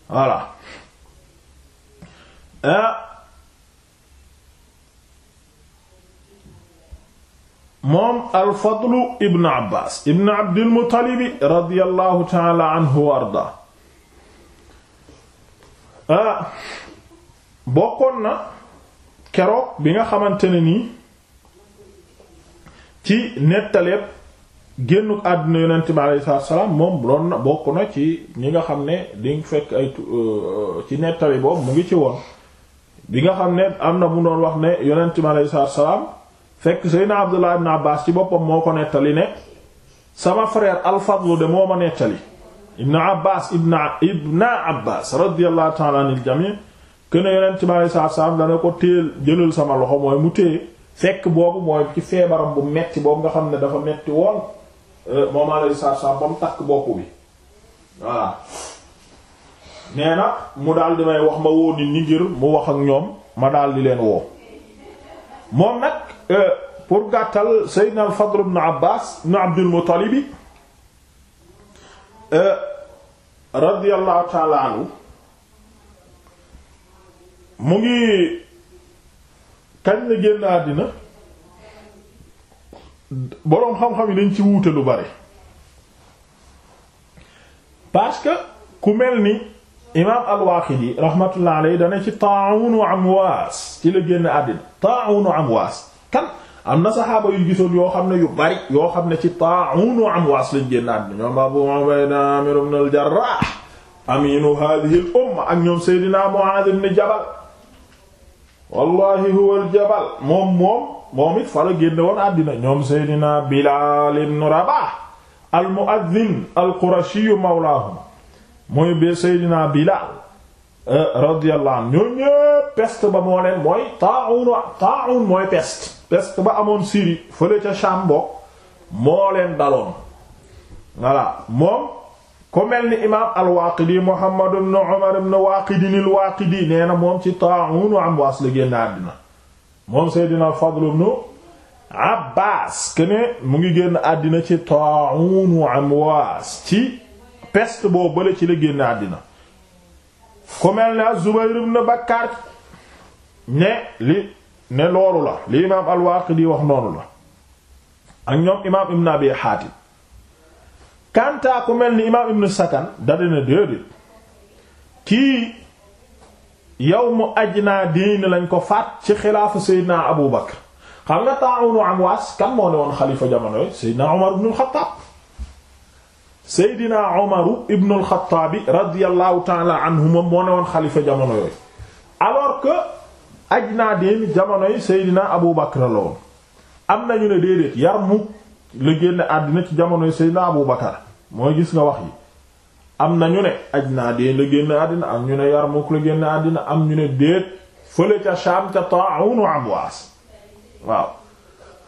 voilà ah. moom alfadlu ibn abbas ibn abdil muttalibi radiallahu taala anhu wa arda ah. bokkoon na keroog bi nga xamante ne nii ci nettaleeb génnu àdduna yonent bi alayhi salaatu salaam moom doon bokk na ci ñi nga xam ne di fekk ay euh, ci nettali boobu mu ngi ci woon bi nga xam ne am na mu doon wax ne yonent bi alayhi salaatu salaam fekk Seydina Abdullah ibn Abbas ci boppam moo ko nettali ne sama frère al moo ma nettali ibn Abbas ibn ibna Abbas radiyallahu ta'ala anil ne ci bi alayhi salaatu salaam dana ko téel jëlal sama loxo mooy mu téye fekk boobu mooy ci feebaram bu metti boobu nga xam ne dafa metti woon euh, moom alayhi salaatu salaam ba mu takk bopp bi voilà nee na mu daal di may wax ma woo nit ñi mu wax ak ñoom ma daal di leen woo moom nag euh, pour gàttal Seydina al-Fadl ibn Abbas ibn Abdul Muttalib euh, radiyallahu ta'ala anhu mu ngi kañ la génn àddina boroom xam-xam yi dañ ci wuute lu bari parce que ku mel ni imaam al-Waaqidi rahmatullah alayhi dana ci Taa'uun Amwaas ci la génn àddina Taa'uun Amwaas kan am na saxaaba yu gisoon yoo xam ne yu bari yoo xam ne ci Taa'uun Amwaas lañ génn àddina ñoom Abu Ubayda Aamir ibn al-Jarraah amiinu haadihi al-umma ak ñoom Seydina Muaaz ibn wallahi huwa aljabal moom moom moom fala génne woon àddina ñoom seydina Bilaal ibn Rabaah almuaddin alqurashiyu mawlaahum mooy be seydina Bilaal eh, radiyallahu anhu ñoo ñëpp peste ba moo leen mooy taa'un taa'un mooy peste ba amoon Syrie fële ca Sham daloon voilà moom ku mel ni imaam al-Waaqidi Muhammad ibn Umar ibn Waaqidi al-Waaqidi nee na moom ci Taa'uun Amwaas la génn àddina moom Seydina al-Fadl ibn Abbaas kene mu ngi génn àddina ci Taa'uun Amwaas ci peste boo bële ci la génn àddina ku mel ni az-Zubayr ibn Bakkaar ne li ne loolu la li imaam al wax noonu la ak ñoom imaam Ibn Abi Haatim kanta ku mel ni imaam ibn sakan dadina déedéet kii yawmu ajnaadiin lañ ko faat ci xilaafu seydina abu bakar xam nga taawunu amwaas kan moo ne woon xalifa jamono yi seydina umar ibn al-xattaab seydina umar anhuma moo ne woon xalifa jamono yooyu alors que ajnaadiin jamono yi seydina abu bakar la am nañu ne déedéet Yarmuk la génne àddina ci jamonoy Seydina Abu Bakar mooy gis nga wax yi am na ñu ne Ajnaad la génne àddina am ñu ne Yarmuk la génne àddina am ñu ne déet fële ca Shaam ca Taa'uunu Amwaas waaw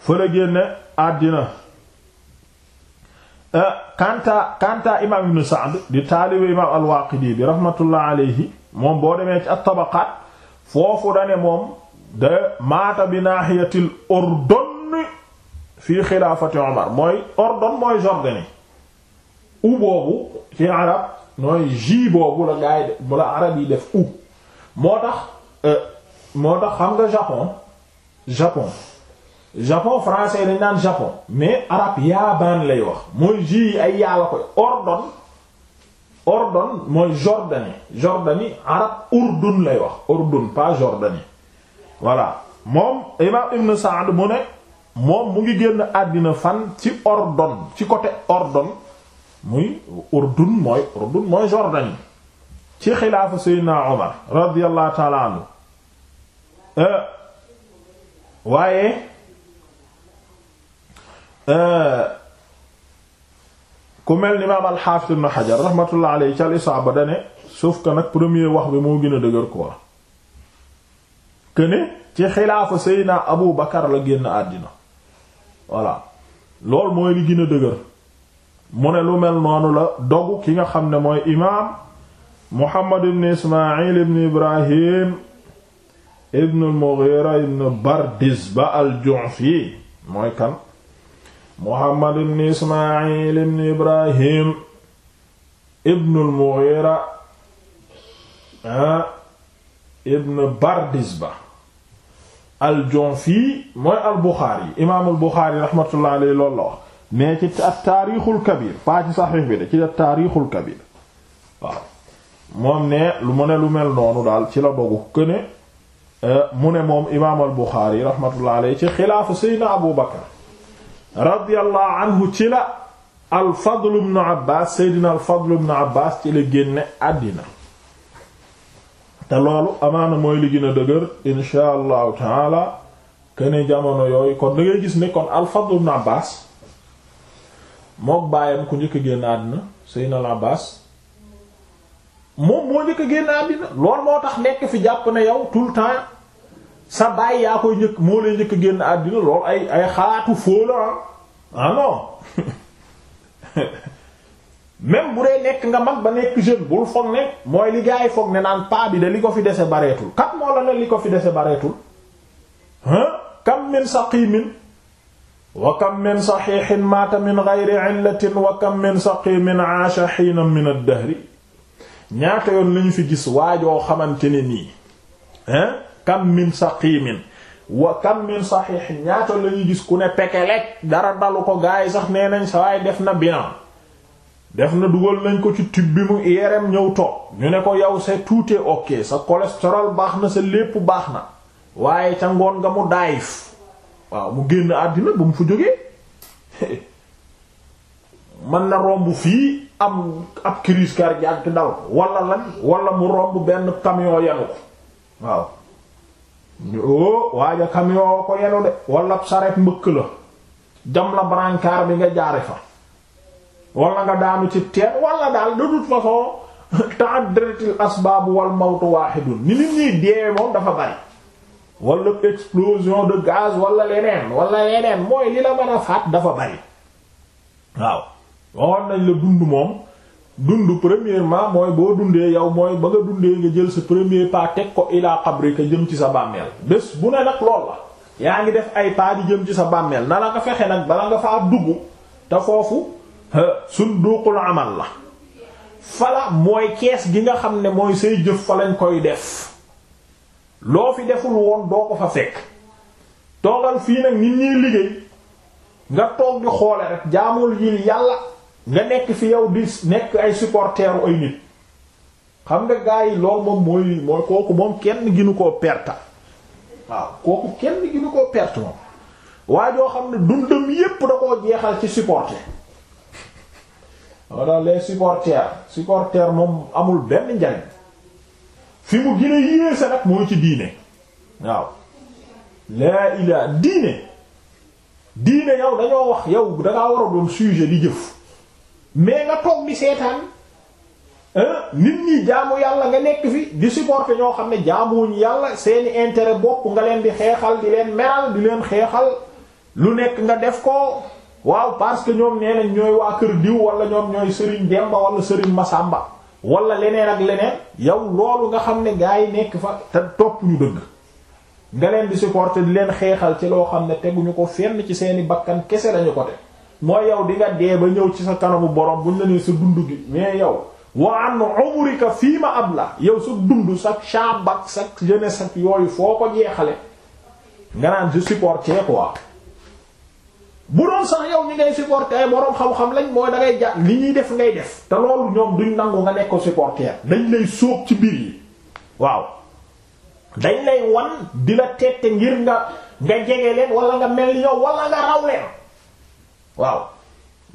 fële génne àddina eh, kanta kanta imaam ibn Sa'd di taalibe imaam al bi rahmatullah alayhi moom boo demee ci at-Tabaqaat foofu dane moom de maata bi naahiyatil Urdun fii xilaafati Omar mooy ordon mooy Jordanie u boobu ci arab nooy ji boobu la gaa yi bu la arab def u moo tax euh, moo tax xam nga Japon Japon Japon français dañ naan Japon mais arab yaabaan lay wax mooy ji ay yaa la koy ordon ordon mooy Jordanie Jordanie arab urdun lay wax urdun pas Jordanie voilà moom imam Ibn Sa'd mu moom mu ngi génn àddina fan ci Ordon ci côté Ordon muy Urdun mooy Urdun mooy Jordanie ci xilaafa Seydina Omar radiyallahu ta'ala anhu euh, waaye euh, ku mel ni imaam al-Hafiz Ibn Hajar rahmatullah ci al dane sauf que nag premier wax bi moo gën a dëgër quoi que ci xilaafa Seydina Abu Bakar la génn àddina voilà loolu mooy li gën a dëgër mu ne lu mel noonu la dogu ki nga xam ne mooy imaam Muhammad ibn Ismaayil ibn Ibrahim ibn al-Mughira ibn Bardizba al-Ju'fi mooy kan Muhammad ibn Ismaayil ibn Ibrahim ibn al-Mughira ah, ibn Bardizba al-Junfi mooy al-Bukhari imaamul Bukhari rahmatullah alayhi loolu la wax mais ci at-Taarixul Kabir pas ci Sahih bi de ci at-Taarixul Kabir waaw moom ne lu mu lu mel noonu daal ci la dogu que eh, mu ne moom imaamul Bukhari rahmatullah alayhi ci xilaafu Seydina Abu Bakr radiyallahu anhu ci la al-Fadl ibn Abbas ci la génne àddina. te loolu amaana mooy li gën a dëgër insha allahu taala kene yooyu kon da gis ne kon al-Fadl ibn Abbas mook baayam njëkk a génn àddina Seydina al moom moo njëkk a génn àddina loolu moo tax nekk fi jàpp na yow tout le temps sa baay yaa koy njëkk moo lay njëkk a génn àddina loolu ay ay xalaatu fóola ah, ah *laughs* même bu dee nekk nga mag ba nekk jeune bul foog ne mooy li gars yi foog ne naan paa bi de li ko fi dese bareetul kat moo ko fi dese bareetul hein kam min saqimin wa kam min saxiixin maata min gayri illatin wa kam min saqimin aasha ñaata yoon lañu fi gis waajoo xamante ne nii hein kam min saqimin wa ñaata lañu gis ku ne pekelek dara dalu ko gars yi sax nee nañ sa waay def na bilan def na dugal nañ ko ci tube bi mu IRM ñëw toog ñu ne ko yow c'est tout est ok sa cholestérol baax na sa lépp baax na waaye ca ngoon nga mu daayif waaw mu génn àddina ba mu fa jógee *laughs* mën na romb fii am ab crise cardiaque dal wala lan wala mu romb benn camion yenu ko waaw ñu oo oh, waaja camion ko yenu de wala saret mbëkk la jam la brancard bi nga jaare fa wala nga daanu ci teen wala daal de toute façon *laughs* ta'addaratil asbaabu wal mawtu waahidun ni nit ñuy deewee moom dafa bari wala explosion de gaz wala leneen wala leneen mooy li la mën a faat dafa bari waaw waxoon nañ la dund moom dund premièrement mooy boo dundee yow mooy ba nga dundee nga jël sa premier pas teg ko ilaa qabrika jëm ci sa bàmmeel bés bu ne nag lool la yaa ngi def ay pas di jëm ci sa bàmmeel na la nga fexe nag bala nga faa dugg te foofu sunduqul amal la fala mooy kees gi nga xam ne mooy say jëf falañ koy def loo fi deful woon doo ko fa fekk toogal fii nag nit ñiy liggéey nga toog di xoole rek jaamul yi yàlla nga nekk fi yow di nekk ay supporteru ay nit xam nga gars lool moom mooy kooku moom kenn ginu koo perte waaw kooku kenn ginu koo perte moom waa joo xam ne dundam yépp da koo jeexal ci supporter wala les supporters supporters moom amul benn njariñ fi mu gën a yéese nag mooy ci diine waaw laa ilaa diine diine yow dañoo wax yow dangaa war a doon sujet di jëf mais nga toog di seetaan nit ñi jaamu yàlla nga nekk fi di supporter ñoo xam ne jaamuwuñu yàlla seeni intérêt bokk nga leen di xeexal di leen meral di leen xeexal lu nekk nga def ko waaw parce que ñoom nee nañ ñooy waa kër diw wala ñoom ñooy Serigne Demba wala Serigne Masamba wala leneen ak leneen yow loolu nga xam ne gaa yi nekk fa te topp ñu dëgg nga leen di supporter di leen xeexal ci loo xam ne teguñu ko fenn ci seeni bakkan kese lañu ko teg mooy yow di nga dee ba ñëw ci sa kanamu borom buñ la nee sa dund gi mais yow am an umrika fii ma ab la yow sa dund sa chabak sa jeunesse ak yooyu foo ko jeexale nga naan je supporter quoi bu doon sax yow ñi ngay supporter ay boroom xam-xam lañ mooy da ngay jàpp li ñuy def ngay def te loolu ñoom duñ nangu nga nekk ko supporter dañ lay sóob ci biir yi waaw dañ lay wan di la tette ngir nga nga jege leen wala nga mel ni yow wala nga raw leen waaw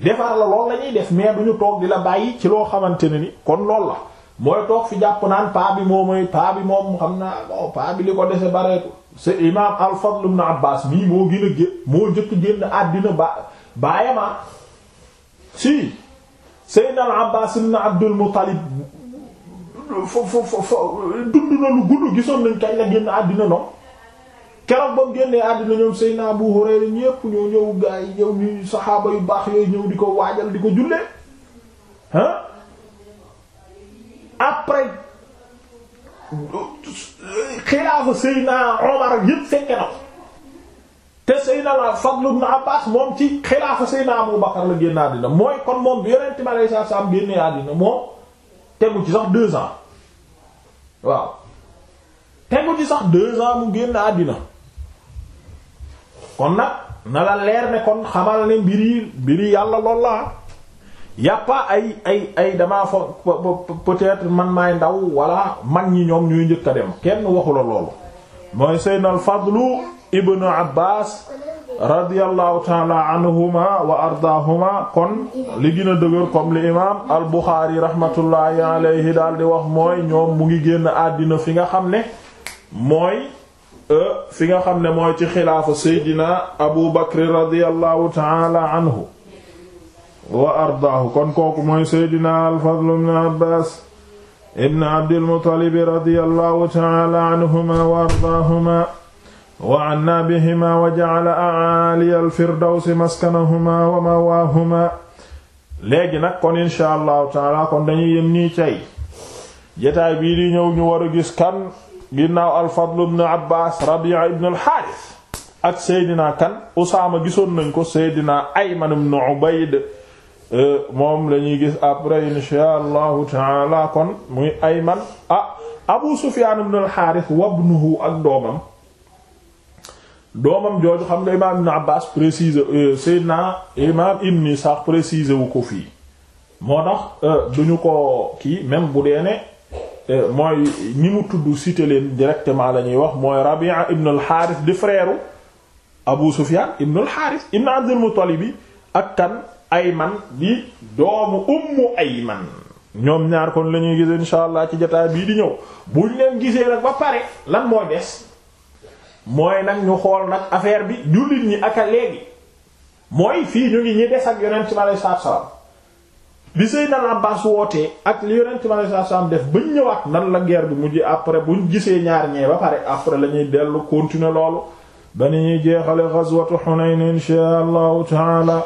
defar la loolu la ñuy def mais duñu toog di la bàyyi ci loo xamante ne ni kon loolu la mooy toog fi jàpp naan paa bi moo mooy paa bi moom xam naa paa bi li ko dese bareeku c'est imam al-Fadl ibn Abbas mii moo gën a gé moo njëkk génn àddina ba bàyyamaa ah. si Seydina al-Abbas ibn Abdul Muttalib dund na lu gudd gisoon nañ kañ la génn àddina noonu keroog ba mu génnee àddina ñoom Seydina Abu Hurayra ñépp ñoo ñëw gaa ñëw ñuy saxaaba yu baax yooyu ñëw di ko waajal di ko jullee ah après xilaafa Seydina Omar yëpp fekke na ko te Seydina al Fadl ibn Abbas moom ci xilaafa Seydina Abu Bakar la génn àddina mooy kon moom bi yonent bi alayhi salaam génnee àddina moom tegu ci sax deux waaw tegu ci sax deux mu génn àddina kon nag na la leer ne kon xamal ne mbiri mbiri yàlla lool la y'a pas ay ay ay damaa foog peut man maay ndaw wala mag ñi ñoom ñuy njëkk a dem kenn waxu la loolu mooy sayyidna al fadlu ibnu abbas radiyallahu taala anhuma wa ardaahuma kon li gën a dëgër comme li imam al buxaari rahmatullahi alayhi daal di wax mooy ñoom mu ngi génn àddina fi nga xam ne mooy euh, fi nga xam ne mooy ci xilaafa saydina abu bakr radiyallahu taala anhu wa ardaahu kon kooku mooy seydina alfadlu bnu abbaas ibn abdilmutalibi radiyallahu taala anhuma wa ardaahuma wa anna bihima wa jacala acaaliya alfirdawsi maskanahuma wa mawaahuma léegi nag kon insha allahu taala kon dañuy yem nii cay jataay bii di ñëw ñu war a gis kan ginnaaw alfadlu bnu abbaas rabia ibn alxaaris ak seydina kan usaama gisoon nañ ko seydina ayman bnu ubayd Euh, moom la ñuy gis après insha allahu taala kon muy ay man ah abu sufyan ibn al harith wabnuhu ak doomam doomam jooju xam nga imaam ibn abbas précise euh, seydna imaam ibn isaaq précise wu ko fii moo tax euh, duñu ko kii même bu dee ne mooy ñi mu tudd cité leen directement lañuy wax mooy rabia ibn al harith di frère abu sufyan ibn al harith ibn abd al ak kan ayman bi doomu ummu ayman ñoom ñaar kon la ñuy gis insha allah ci jotaay bii di ñëw buñ leen gisee nag ba pare lan mooy des mooy nag ñu xool nag affaire bi jullit ñi ak a léegi mooy fii ñu ngi ñi des ak yonent bi aleyhi salaatu salaam bi Seydina Abbaas wootee ak li yonent bi aleyhi salaatu salaam def ñëw ñëwaat nan la guerre bi mujj après buñ gisee ñaar ñee ba pare après la ñuy dellu continuer loolu ba ni ñuy jeexale xaswatu Hunayn insha allahu taala